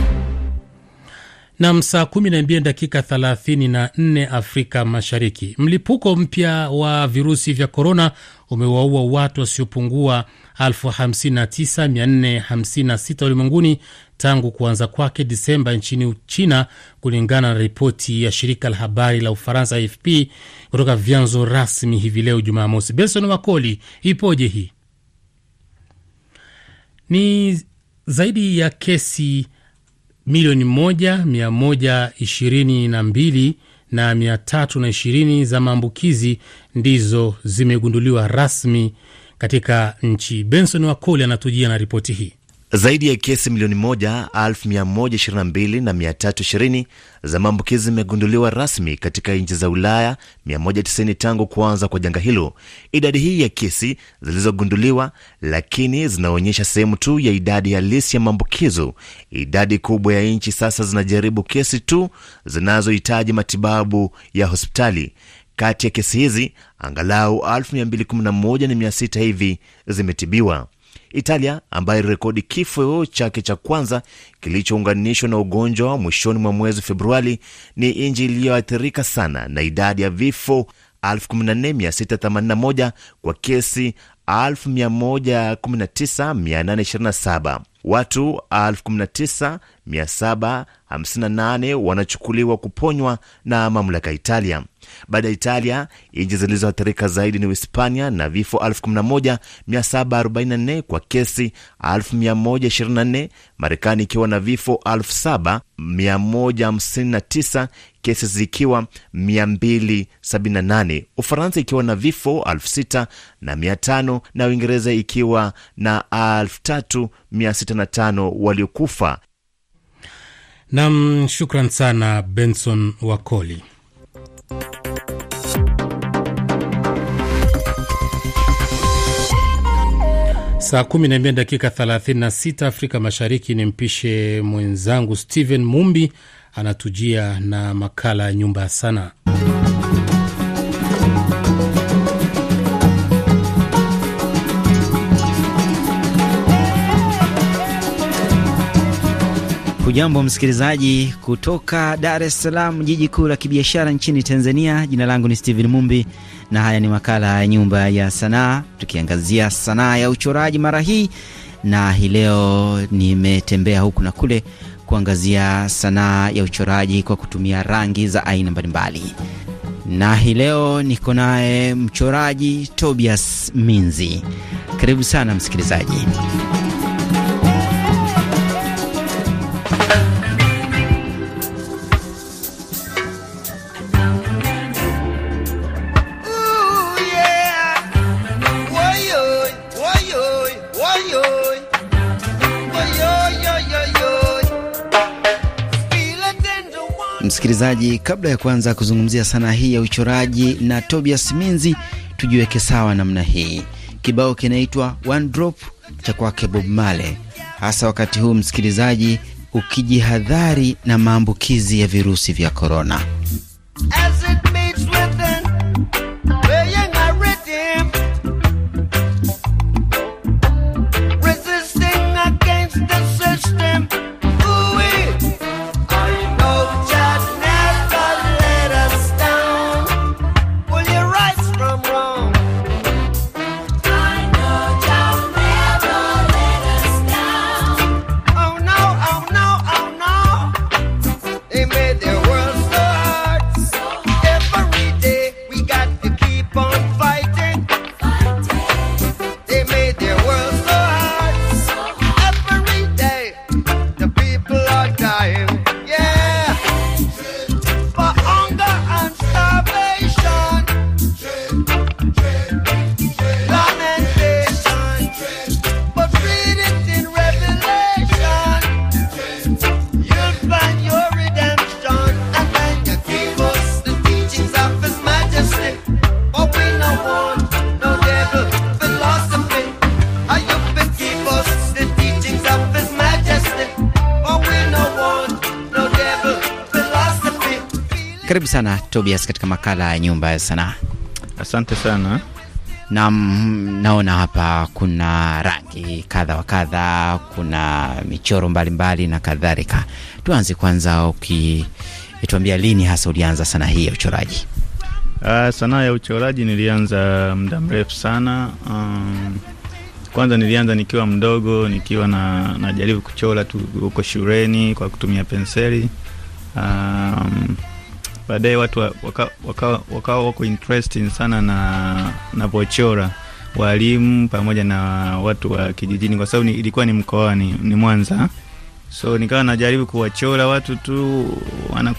Nam, saa 12 dakika 34 Afrika Mashariki. Mlipuko mpya wa virusi vya korona umewaua watu wasiopungua 59456 ulimwenguni tangu kuanza kwake Disemba nchini Uchina, kulingana na ripoti ya shirika la habari la Ufaransa AFP kutoka vyanzo rasmi hivi leo Jumamosi. Benson Wakoli, ipoje hii? ni zaidi ya kesi milioni moja mia moja ishirini na mbili na mia tatu na ishirini za maambukizi ndizo zimegunduliwa rasmi katika nchi. Benson Wakoli anatujia na ripoti hii. Zaidi ya kesi milioni moja elfu mia moja mbili na mia tatu ishirini za maambukizi zimegunduliwa rasmi katika nchi za Ulaya 190 tangu kuanza kwa janga hilo. Idadi hii ya kesi zilizogunduliwa, lakini zinaonyesha sehemu tu ya idadi halisi ya maambukizo. Idadi kubwa ya nchi sasa zinajaribu kesi tu zinazohitaji matibabu ya hospitali. Kati ya kesi hizi angalau elfu mia mbili kumi na moja na mia sita hivi zimetibiwa. Italia ambaye rekodi kifo chake cha kwanza kilichounganishwa na ugonjwa mwishoni mwa mwezi Februari ni nchi iliyoathirika sana na idadi ya vifo 14681 kwa kesi 119827. Watu 19758 wanachukuliwa kuponywa na mamlaka Italia. Baada ya Italia, nchi zilizoathirika zaidi ni Uhispania na vifo 11744 kwa kesi 1124, Marekani ikiwa na vifo 7159 kesi zikiwa 278, Ufaransa ikiwa na vifo 6500 na Uingereza ikiwa na 3605 waliokufa. Nam, shukran sana Benson Wakoli. Saa kumi na mbili dakika 36 Afrika Mashariki. Ni mpishe mwenzangu stehen Mumbi anatujia na makala ya Nyumba ya Sanaa. Hujambo msikilizaji kutoka Dar es Salaam, jiji kuu la kibiashara nchini Tanzania. Jina langu ni Steven Mumbi na haya ni makala ya Nyumba ya Sanaa, tukiangazia sanaa ya uchoraji mara hii, na hii leo nimetembea huku na kule kuangazia sanaa ya uchoraji kwa kutumia rangi za aina mbalimbali, na hii leo niko naye mchoraji Tobias Minzi. Karibu sana msikilizaji. Msikilizaji, kabla ya kuanza kuzungumzia sanaa hii ya uchoraji na Tobias Minzi, tujiweke sawa namna hii. Kibao kinaitwa One Drop cha kwake Bob Marley, hasa wakati huu msikilizaji ukijihadhari na maambukizi ya virusi vya korona. sana Tobias katika makala ya nyumba ya sanaa. Asante sana. Na naona hapa kuna rangi kadha wa kadha, kuna michoro mbalimbali mbali na kadhalika. Tuanze kwanza, ukituambia lini hasa ulianza sanaa hii ya uchoraji? Uh, sanaa ya uchoraji nilianza muda mrefu sana. Um, kwanza nilianza nikiwa mdogo nikiwa na najaribu kuchora tu huko shuleni kwa kutumia penseli. Um, baadaye watu wakawa waka, waka wako interested sana na navyochora walimu pamoja na watu wa kijijini, kwa sababu ilikuwa ni mkoani, ni Mwanza. So nikawa najaribu kuwachora watu tu,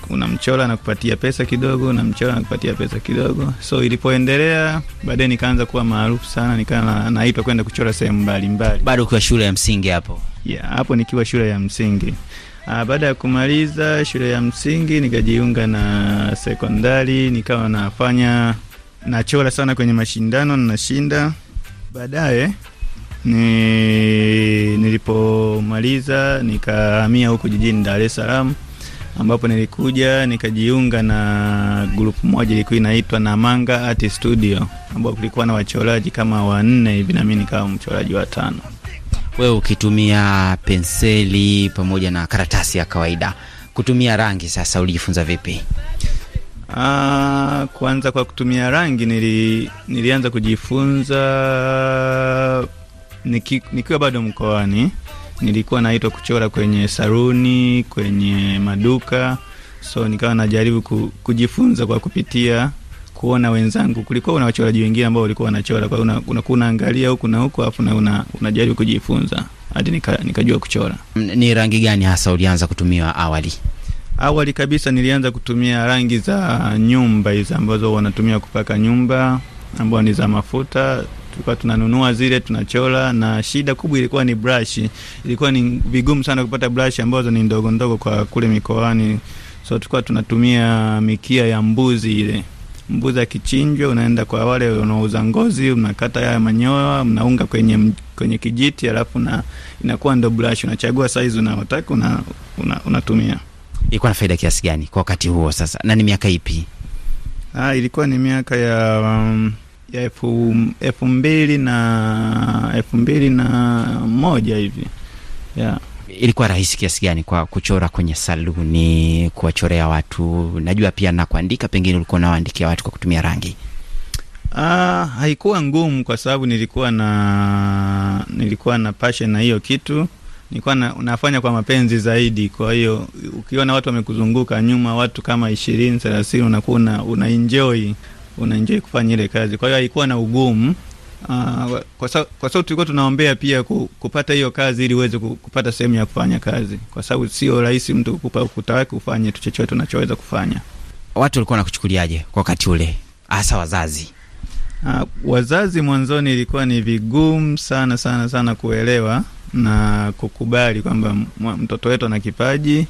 unamchora nakupatia pesa kidogo, namchora nakupatia pesa kidogo. So ilipoendelea baadaye nikaanza kuwa maarufu sana, nikawa naitwa kwenda kuchora sehemu mbalimbali. Bado ukiwa shule ya msingi hapo? Yeah, hapo nikiwa shule ya msingi Ah, baada ya kumaliza shule ya msingi nikajiunga na sekondari, nikawa nafanya nachora sana kwenye mashindano nashinda. Baadaye ni, nilipomaliza nikahamia huku jijini Dar es Salaam ambapo nilikuja nikajiunga na grupu moja ilikuwa inaitwa Namanga Art Studio, ambao kulikuwa na wachoraji kama wanne hivi, nami nikawa mchoraji wa tano wewe ukitumia penseli pamoja na karatasi ya kawaida, kutumia rangi sasa ulijifunza vipi? Aa, ah, kwanza kwa kutumia rangi nili, nilianza kujifunza niki, nikiwa bado mkoani. Nilikuwa naitwa kuchora kwenye saruni, kwenye maduka, so nikawa najaribu kujifunza kwa kupitia kuona wenzangu, kulikuwa na wachoraji wengine ambao walikuwa wanachora, kwa hiyo unakuwa kunaangalia huku na huko, alafu una unajaribu kujifunza hadi nika, nikajua kuchora. Ni rangi gani hasa ulianza kutumia awali? Awali kabisa nilianza kutumia rangi za nyumba hizi ambazo wanatumia kupaka nyumba, ambao ni za mafuta tulikuwa tunanunua zile tunachora, na shida kubwa ilikuwa ni brush. Ilikuwa ni vigumu sana kupata brush ambazo ni ndogo ndogo kwa kule mikoani, so tulikuwa tunatumia mikia ya mbuzi ile mbuzi akichinjwa, unaenda kwa wale wanaouza ngozi, unakata haya manyoya, mnaunga kwenye kwenye kijiti, alafu na inakuwa ndo brush, unachagua size unayotaka una, una, unatumia. Ilikuwa na faida kiasi gani kwa wakati huo sasa, na ni miaka ipi? Ah, ilikuwa ni miaka ya um, ya elfu, elfu mbili na elfu mbili na moja hivi yeah ilikuwa rahisi kiasi gani kwa kuchora kwenye saluni, kuwachorea watu? Najua pia na kuandika, pengine ulikuwa unawaandikia watu kwa kutumia rangi. Ah, haikuwa ngumu kwa sababu nilikuwa na nilikuwa na passion na hiyo kitu nilikuwa na, nafanya kwa mapenzi zaidi. Kwa hiyo ukiona watu wamekuzunguka nyuma, watu kama ishirini thelathini, unakuwa una enjoy una enjoy kufanya ile kazi. Kwa hiyo haikuwa na ugumu. Uh, kwa, sa, kwa sababu tulikuwa tunaombea pia ku, kupata hiyo kazi ili uweze kupata sehemu ya kufanya kazi, kwa sababu sio rahisi mtu kukupa ukuta wake ufanye tu chochote unachoweza kufanya. Watu walikuwa wanakuchukuliaje kwa wakati ule, hasa wazazi? Uh, wazazi mwanzoni ilikuwa ni vigumu sana sana sana kuelewa na kukubali kwamba mtoto wetu ana kipaji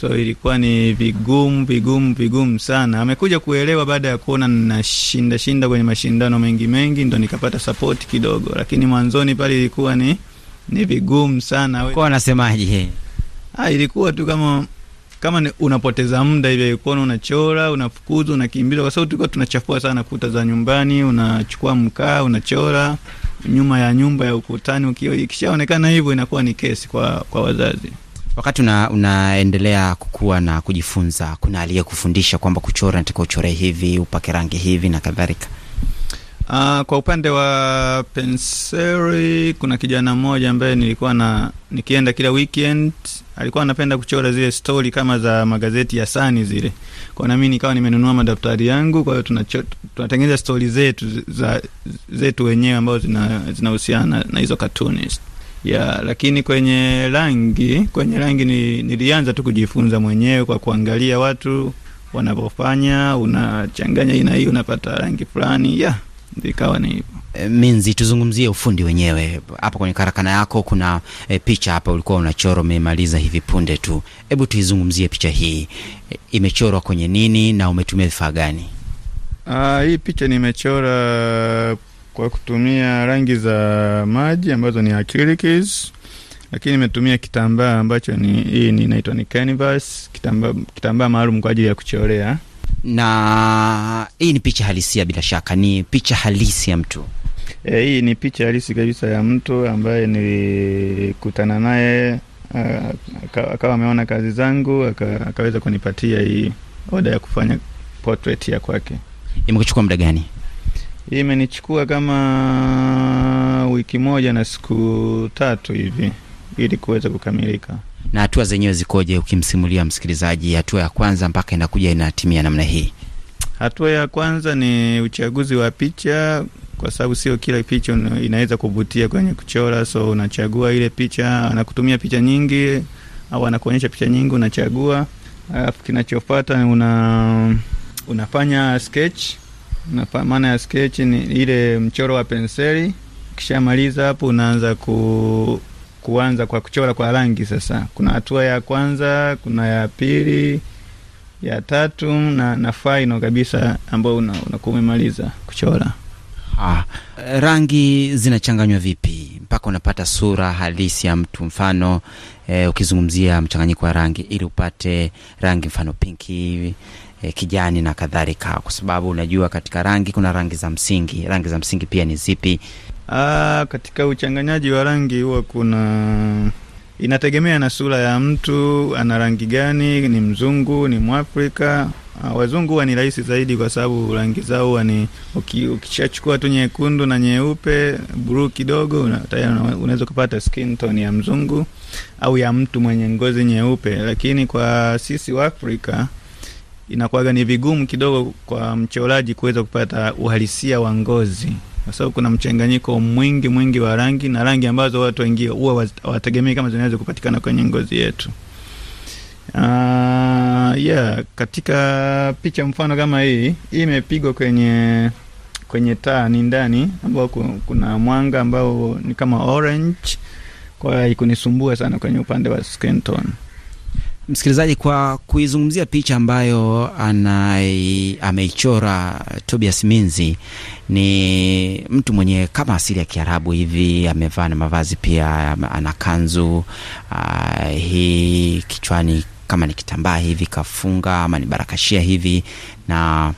so ilikuwa ni vigumu vigumu vigumu sana. Amekuja kuelewa baada ya kuona ninashinda shinda kwenye mashindano mengi mengi, ndo nikapata sapoti kidogo, lakini mwanzoni pale ilikuwa ni ni vigumu sana. Kwa anasemaje? Ah, ilikuwa tu kama kama ni unapoteza muda hivi, unachora, unafukuzwa, unakimbiza, kwa sababu tulikuwa tunachafua sana kuta za nyumbani, unachukua mkaa, unachora nyuma ya nyumba ya ukutani, ikishaonekana hivyo inakuwa ni kesi kwa kwa wazazi. Wakati una, unaendelea kukua na kujifunza, kuna aliyekufundisha kwamba kuchora, nataka uchore hivi, upake rangi hivi na kadhalika? Uh, kwa upande wa penseli kuna kijana mmoja ambaye nilikuwa na nikienda kila weekend, alikuwa anapenda kuchora zile stori kama za magazeti ya Sani zile. Kwa nami nikawa nimenunua madaftari yangu, kwa hiyo tunatengeneza stori zetu za zetu wenyewe ambazo zinahusiana zina na hizo cartoonist ya lakini kwenye rangi, kwenye rangi ni, nilianza tu kujifunza mwenyewe kwa kuangalia watu wanavyofanya, unachanganya aina hii unapata rangi fulani ya ikawa ni hivyo. E, Minzi, tuzungumzie ufundi wenyewe hapa kwenye karakana yako. Kuna e, picha hapa ulikuwa unachora, umemaliza hivi punde tu. Hebu tuizungumzie picha hii, e, imechorwa kwenye nini na umetumia vifaa gani? Ah, hii picha nimechora kwa kutumia rangi za maji ambazo ni acrylics, lakini nimetumia kitambaa ambacho ni hii ni inaitwa ni canvas, kitambaa kitambaa maalum kwa ajili ya kuchorea. Na hii ni picha halisia, bila shaka ni picha halisi ya mtu. E, hii ni picha halisi kabisa ya mtu ambaye nilikutana naye akawa ameona kazi zangu akaweza kunipatia hii oda ya kufanya portrait ya kwake. Imekuchukua muda gani? Hii imenichukua kama wiki moja na siku tatu hivi ili kuweza kukamilika. Na hatua zenyewe zikoje? Ukimsimulia msikilizaji, hatua ya kwanza mpaka inakuja inatimia namna hii. Hatua ya kwanza ni uchaguzi wa picha, kwa sababu sio kila picha inaweza kuvutia kwenye kuchora, so unachagua ile picha, anakutumia picha nyingi au anakuonyesha picha nyingi, unachagua. Alafu kinachofata una unafanya sketch maana ya sketch ni ile mchoro wa penseli. Ukishamaliza hapo, unaanza ku kuanza kwa kuchora kwa rangi. Sasa kuna hatua ya kwanza, kuna ya pili, ya tatu na, na final kabisa ambayo unakuwa umemaliza kuchora. Ah, rangi zinachanganywa vipi mpaka unapata sura halisi ya mtu? Mfano eh, ukizungumzia mchanganyiko wa rangi ili upate rangi mfano pinki e, kijani na kadhalika, kwa sababu unajua katika rangi kuna rangi za msingi. Rangi za msingi pia ni zipi? Aa, ah, katika uchanganyaji wa rangi huwa kuna inategemea na sura ya mtu, ana rangi gani, ni mzungu, ni Mwafrika. Ah, wazungu huwa ni rahisi zaidi, kwa sababu rangi zao huwa ni ukishachukua tu nyekundu na nyeupe, buluu kidogo, tayari unaweza ukapata skin tone ya mzungu au ya mtu mwenye ngozi nyeupe. Lakini kwa sisi Waafrika inakuwaga ni vigumu kidogo kwa mchoraji kuweza kupata uhalisia wa ngozi, kwa sababu kuna mchanganyiko mwingi mwingi wa rangi na rangi ambazo watu wengi huwa hawategemei kama zinaweza kupatikana kwenye ngozi yetu. Uh, yeah, katika picha mfano kama hii hii imepigwa kwenye kwenye taa ni ndani ambao kuna mwanga ambao ni kama orange, kwa hiyo haikunisumbua sana kwenye upande wa skin tone msikilizaji, kwa kuizungumzia picha ambayo anai, ameichora Tobias Minzi. Ni mtu mwenye kama asili ya Kiarabu hivi, amevaa na mavazi pia, ana kanzu uh, ah, hii kichwani kama ni kitambaa hivi kafunga, ama ni barakashia hivi, na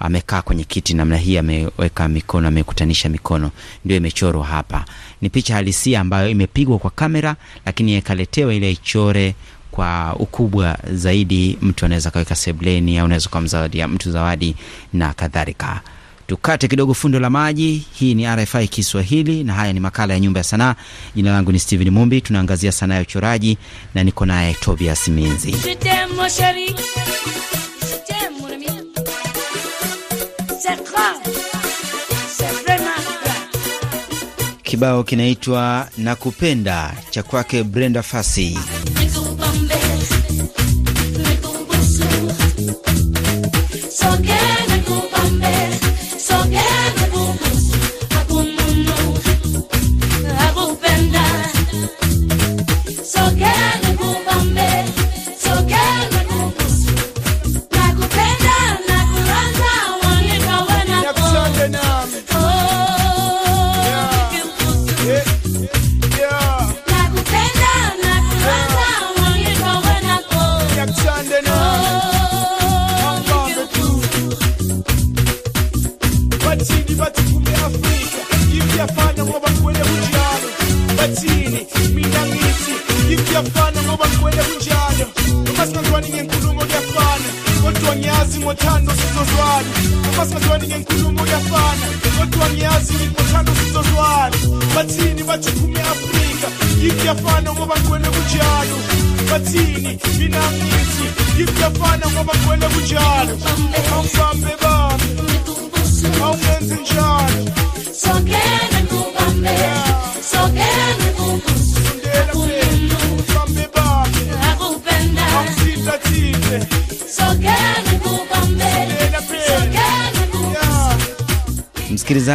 amekaa kwenye kiti namna hii, ameweka mikono, amekutanisha mikono, ndio imechorwa hapa. Ni picha halisia ambayo imepigwa kwa kamera, lakini ikaletewa ile ichore kwa ukubwa zaidi, mtu anaweza kaweka sebleni au unaweza kumzawadia mtu zawadi na kadhalika. Tukate kidogo fundo la maji. Hii ni RFI Kiswahili na haya ni makala ya Nyumba ya Sanaa. Jina langu ni Steven Mumbi, tunaangazia sanaa ya uchoraji na niko naye Tobias Minzi. Kibao kinaitwa Nakupenda cha kwake Brenda Fasi.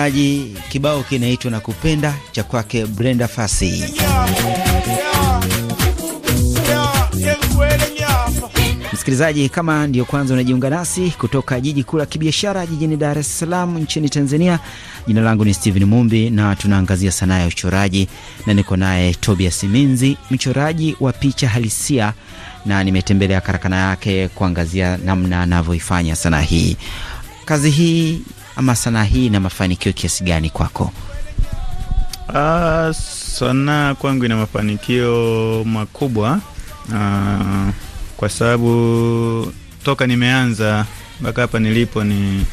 msikilizaji, kibao kinaitwa na kupenda cha kwake Brenda Fasi. Msikilizaji, kama ndiyo kwanza unajiunga nasi kutoka jiji kuu la kibiashara jijini Dar es Salaam nchini Tanzania, jina langu ni Steven Mumbi na tunaangazia sanaa ya uchoraji, na niko naye Tobias Minzi, mchoraji wa picha halisia, na nimetembelea karakana yake kuangazia namna anavyoifanya sanaa hii. Kazi hii ama sanaa hii ina mafanikio kiasi gani kwako? Uh, sanaa kwangu ina mafanikio makubwa uh, kwa sababu toka nimeanza mpaka hapa nilipo ni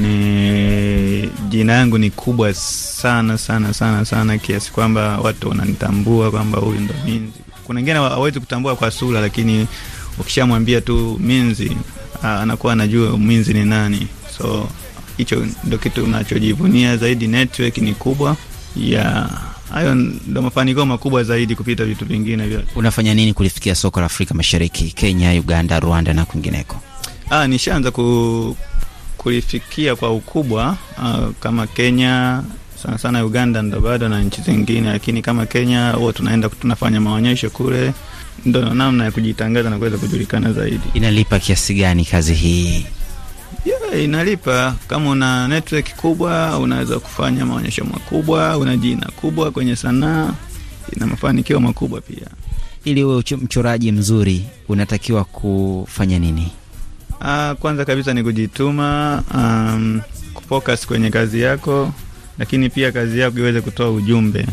ni jina yangu ni kubwa sana sana sana sana, kiasi kwamba watu wananitambua kwamba huyu ndo Minzi. Kuna wengine hawezi kutambua kwa sura, lakini ukishamwambia tu Minzi ah, anakuwa anajua Minzi ni nani, so hicho ndo kitu unachojivunia zaidi. Network ni kubwa ya Hayo ndo mafanikio makubwa zaidi kupita vitu vingine vyote. Unafanya nini kulifikia soko la Afrika Mashariki, Kenya, Uganda, Rwanda na kwingineko? Ah, nishaanza ku, kulifikia kwa ukubwa ah, kama Kenya sana sana, Uganda ndo bado na nchi zingine, lakini kama Kenya huwa tunaenda tunafanya maonyesho kule, ndo namna ya kujitangaza na kuweza kujulikana zaidi. Inalipa kiasi gani kazi hii? Eh, inalipa kama una network kubwa, unaweza kufanya maonyesho makubwa, una jina kubwa kwenye sanaa, ina mafanikio makubwa pia. Ili uwe mchoraji mzuri, unatakiwa kufanya nini? Aa, ah, kwanza kabisa ni kujituma, um, kufocus kwenye kazi yako, lakini pia kazi yako iweze kutoa ujumbe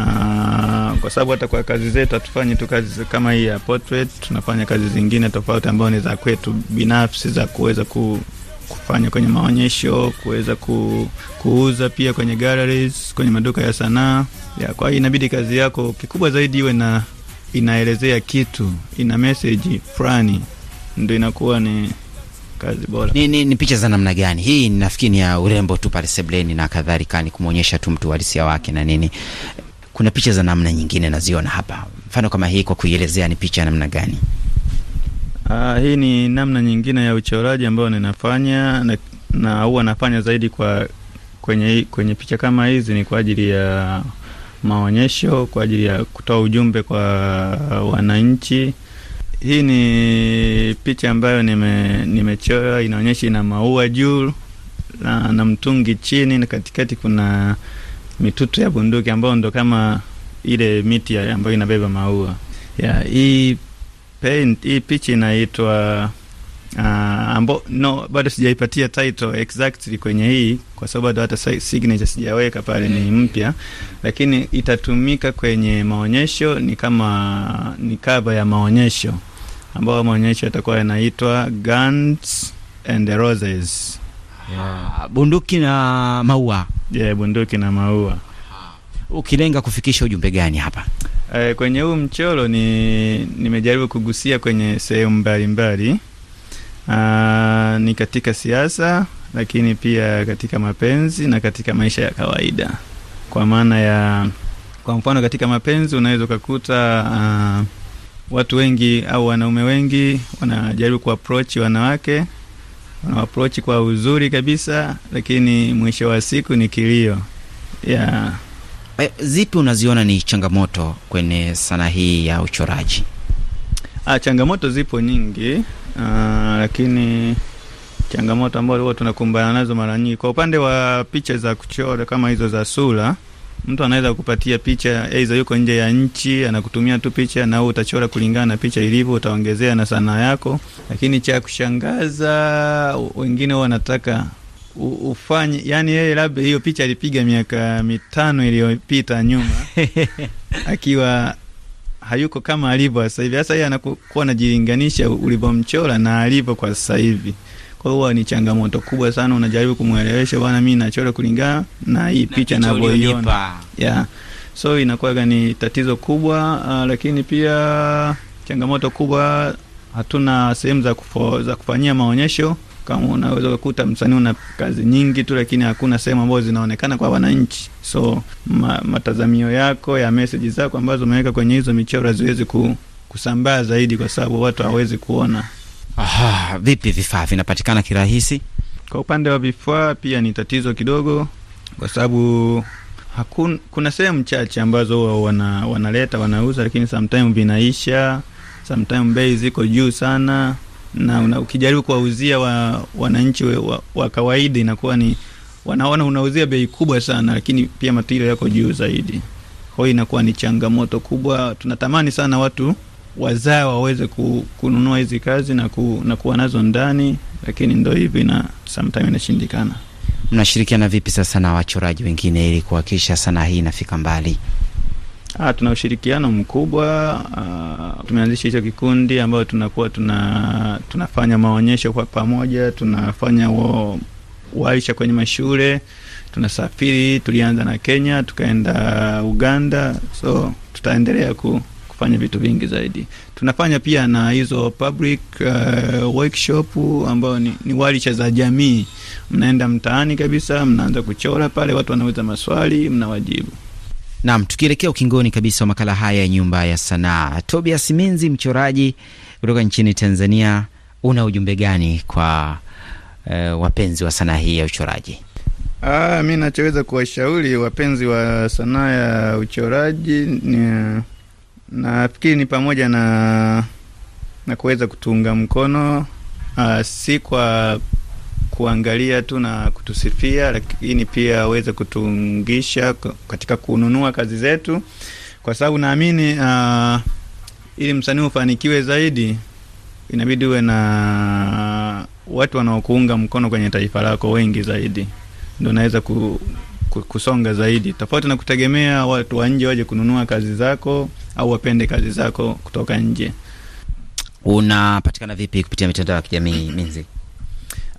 ah, kwa sababu hata kwa kazi zetu hatufanyi tu kazi kama hii ya portrait, tunafanya kazi zingine tofauti ambayo ni za kwetu binafsi za kuweza ku kufanya kwenye maonyesho, kuweza ku, kuuza pia kwenye galleries, kwenye maduka ya sanaa ya. Kwa hiyo inabidi kazi yako kikubwa zaidi iwe na inaelezea kitu, ina message fulani, ndio inakuwa ni kazi bora. Ni, ni, ni picha za namna gani? Hii nafikiri ya urembo tu pale sebleni na kadhalika, ni kumwonyesha tu mtu uhalisia wake na nini. Kuna picha za namna nyingine naziona hapa, mfano kama hii, kwa kuielezea ni picha ya namna gani? Uh, hii ni namna nyingine ya uchoraji ambayo ninafanya na, na huwa nafanya zaidi kwa kwenye, kwenye picha kama hizi ni kwa ajili ya maonyesho, kwa ajili ya kutoa ujumbe kwa wananchi. Hii ni picha ambayo nime, nimechora inaonyesha ina maua juu na, na mtungi chini na katikati kuna mitutu ya bunduki ambayo ndo kama ile miti ambayo inabeba maua. ya, hii paint. Hii picha inaitwa uh, ambo, no bado sijaipatia title exactly kwenye hii, kwa sababu bado hata signature sijaweka pale, ni mm. mpya, lakini itatumika kwenye maonyesho. Ni kama ni kava ya maonyesho, ambayo maonyesho yatakuwa yanaitwa Guns and the Roses. Yeah. Bunduki na maua. Yeah, bunduki na maua. Ukilenga kufikisha ujumbe gani hapa? Eh, kwenye huu mchoro ni nimejaribu kugusia kwenye sehemu mbalimbali, ah, ni katika siasa, lakini pia katika mapenzi na katika maisha ya kawaida, kwa maana ya kwa mfano katika mapenzi unaweza ukakuta uh, watu wengi au wanaume wengi wanajaribu kuaprochi wanawake, wanawaprochi kwa uzuri kabisa, lakini mwisho wa siku ni kilio yeah. Eh, zipi unaziona ni changamoto kwenye sanaa hii ya uchoraji? Ah, changamoto zipo nyingi aa, ah, lakini changamoto ambazo huwa tunakumbana nazo mara nyingi kwa upande wa picha za kuchora kama hizo za sura, mtu anaweza kupatia picha aidha yuko nje ya nchi, anakutumia tu picha na wewe utachora kulingana na picha ilivyo, utaongezea na sanaa yako. Lakini cha kushangaza, wengine wanataka ufanye yani, yeye labda hiyo picha alipiga miaka mitano iliyopita nyuma akiwa hayuko kama alivyo sasa hivi. Sasa yeye anakuwa anajilinganisha ulivyomchora na alivyo kwa sasa hivi. Kwa hiyo ni changamoto kubwa sana, unajaribu kumwelewesha, bwana, mimi nachora kulingana na hii picha ninavyoiona, yeah. So inakuwa ni tatizo kubwa uh, lakini pia changamoto kubwa, hatuna sehemu za, za kufanyia maonyesho kama unaweza kukuta msanii una kazi nyingi tu, lakini hakuna sehemu ambazo zinaonekana kwa wananchi. So ma, matazamio yako ya meseji zako ambazo umeweka kwenye hizo michoro haziwezi ku, kusambaa zaidi, kwa sababu watu hawawezi kuona. Aha, vipi vifaa vinapatikana kirahisi? Kwa upande wa vifaa pia ni tatizo kidogo, kwa sababu hakun kuna sehemu chache ambazo wana, wanaleta wanauza, lakini sometime vinaisha, sometime bei ziko juu sana na una, ukijaribu kuwauzia wa, wananchi wa, wa kawaida inakuwa ni wanaona unauzia bei kubwa sana, lakini pia matirio yako juu zaidi. Kwa hiyo inakuwa ni changamoto kubwa. Tunatamani sana watu wazaa waweze ku, kununua hizi kazi na, ku, na kuwa nazo ndani, lakini ndo hivi na sometime inashindikana. Mnashirikiana vipi sasa na wachoraji wengine ili kuhakikisha sanaa hii inafika mbali? Ah, tuna ushirikiano mkubwa. Ah, tumeanzisha hicho kikundi ambayo tunakuwa tuna tunafanya maonyesho kwa pamoja, tunafanya waisha kwenye mashule, tunasafiri. Tulianza na Kenya tukaenda Uganda, so tutaendelea ku, kufanya vitu vingi zaidi. Tunafanya pia na hizo public uh, workshop ambayo ni, ni warisha za jamii. Mnaenda mtaani kabisa, mnaanza kuchora pale, watu wanaweza maswali, mnawajibu. Naam, tukielekea ukingoni kabisa wa makala haya ya nyumba ya sanaa, Tobias Minzi, mchoraji kutoka nchini Tanzania, una ujumbe gani kwa uh, wapenzi wa sanaa hii ya uchoraji? Ah, mi nachoweza kuwashauri wapenzi wa sanaa ya uchoraji ni nafikiri ni pamoja na na kuweza kutunga mkono, uh, si kwa kuangalia tu na kutusifia, lakini pia aweze kutungisha katika kununua kazi zetu, kwa sababu naamini uh, ili msanii ufanikiwe zaidi inabidi uwe na watu wanaokuunga mkono kwenye taifa lako wengi zaidi, ndio naweza ku, ku, kusonga zaidi, tofauti na kutegemea watu wa nje waje kununua kazi zako au wapende kazi zako kutoka nje. Unapatikana vipi kupitia mitandao ya kijamii Minzi?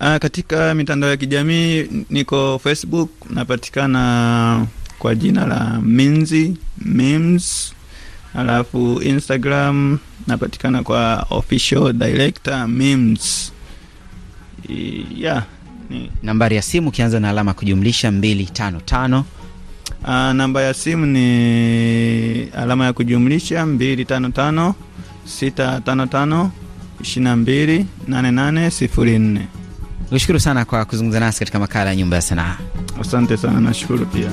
Uh, katika mitandao ya kijamii niko Facebook, napatikana kwa jina la Minzi Memes, alafu Instagram napatikana kwa official director Memes. Yeah, ni nambari ya simu ukianza na alama kujumlisha 255. Uh, ah, namba ya simu ni alama ya kujumlisha 255 655 2288 04. Nikushukuru sana kwa kuzungumza nasi katika makala ya Nyumba ya Sanaa. Asante sana, nashukuru pia.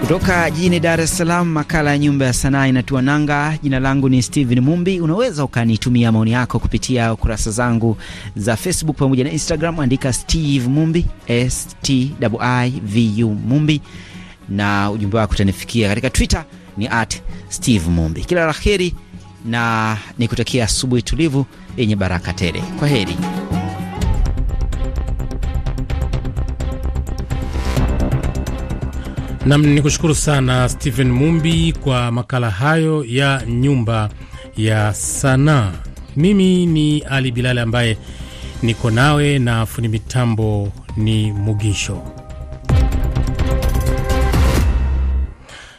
Kutoka jijini Dar es Salaam, makala ya Nyumba ya Sanaa inatua nanga. Jina langu ni Steven Mumbi. Unaweza ukanitumia maoni yako kupitia kurasa zangu za Facebook pamoja na Instagram, andika Steve Mumbi, Stivu Mumbi, na ujumbe wako utanifikia. Katika Twitter ni at Steve Mumbi. Kila la heri na nikutakia asubuhi tulivu yenye baraka tele. Kwa heri. Nam ni kushukuru sana Stephen Mumbi kwa makala hayo ya Nyumba ya Sanaa. Mimi ni Ali Bilali ambaye niko nawe na fundi mitambo ni Mugisho.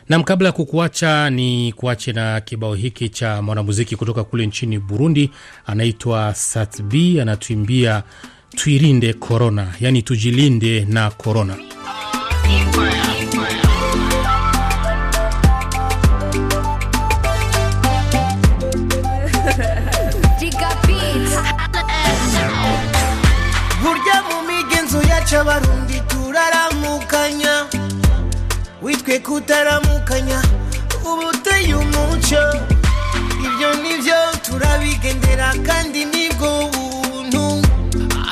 Nam, kabla ya kukuacha ni kuache na kibao hiki cha mwanamuziki kutoka kule nchini Burundi, anaitwa Satb, anatuimbia tuirinde korona, yaani tujilinde na korona. twe kutaramukanya ubuteye umucyo ibyo ni nibyo turabigendera kandi nibwo buntu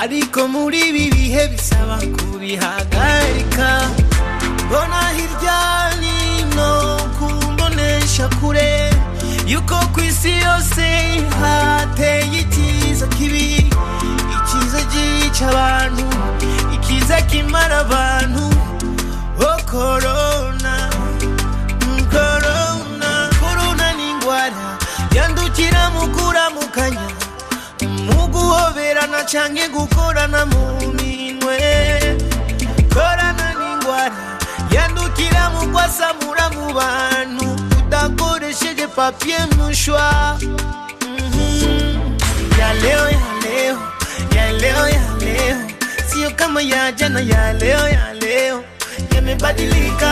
ariko muri ibi bihe bisaba kubihagarika mbona hirya nino kumbonesha kure yuko ku isi yose hateye icyiza kibi icyiza gica abantu icyiza kimara abantu okoro oh, kudukanya muguhoberana cyangwa gukorana mu minwe korana n'indwara yandukira mu kwasamura mu bantu udakoresheje papie mushwa mm-hmm. ya leo ya leo ya leo ya leo siyo kama ya jana ya leo ya leo yamebadilika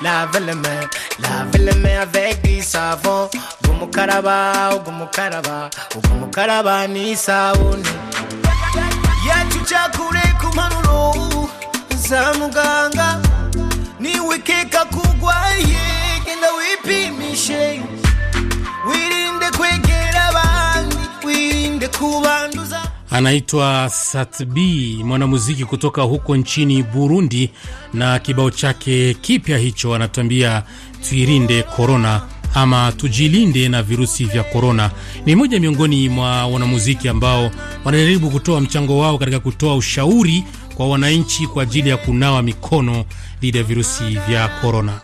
Lave le main, lave le main avec du savon. Gumukaraba, oh gumukaraba, oh ni sabuni. Yacu cakure ku mpanuro za muganga. Niwikeka kugwaye, genda wipimishe. Wirinde kwegera abandi, wirinde kubanduza. Anaitwa Satbi, mwanamuziki kutoka huko nchini Burundi, na kibao chake kipya hicho anatuambia tuirinde korona ama tujilinde na virusi vya korona. Ni mmoja miongoni mwa wanamuziki ambao wanajaribu kutoa mchango wao katika kutoa ushauri kwa wananchi kwa ajili ya kunawa mikono dhidi ya virusi vya korona.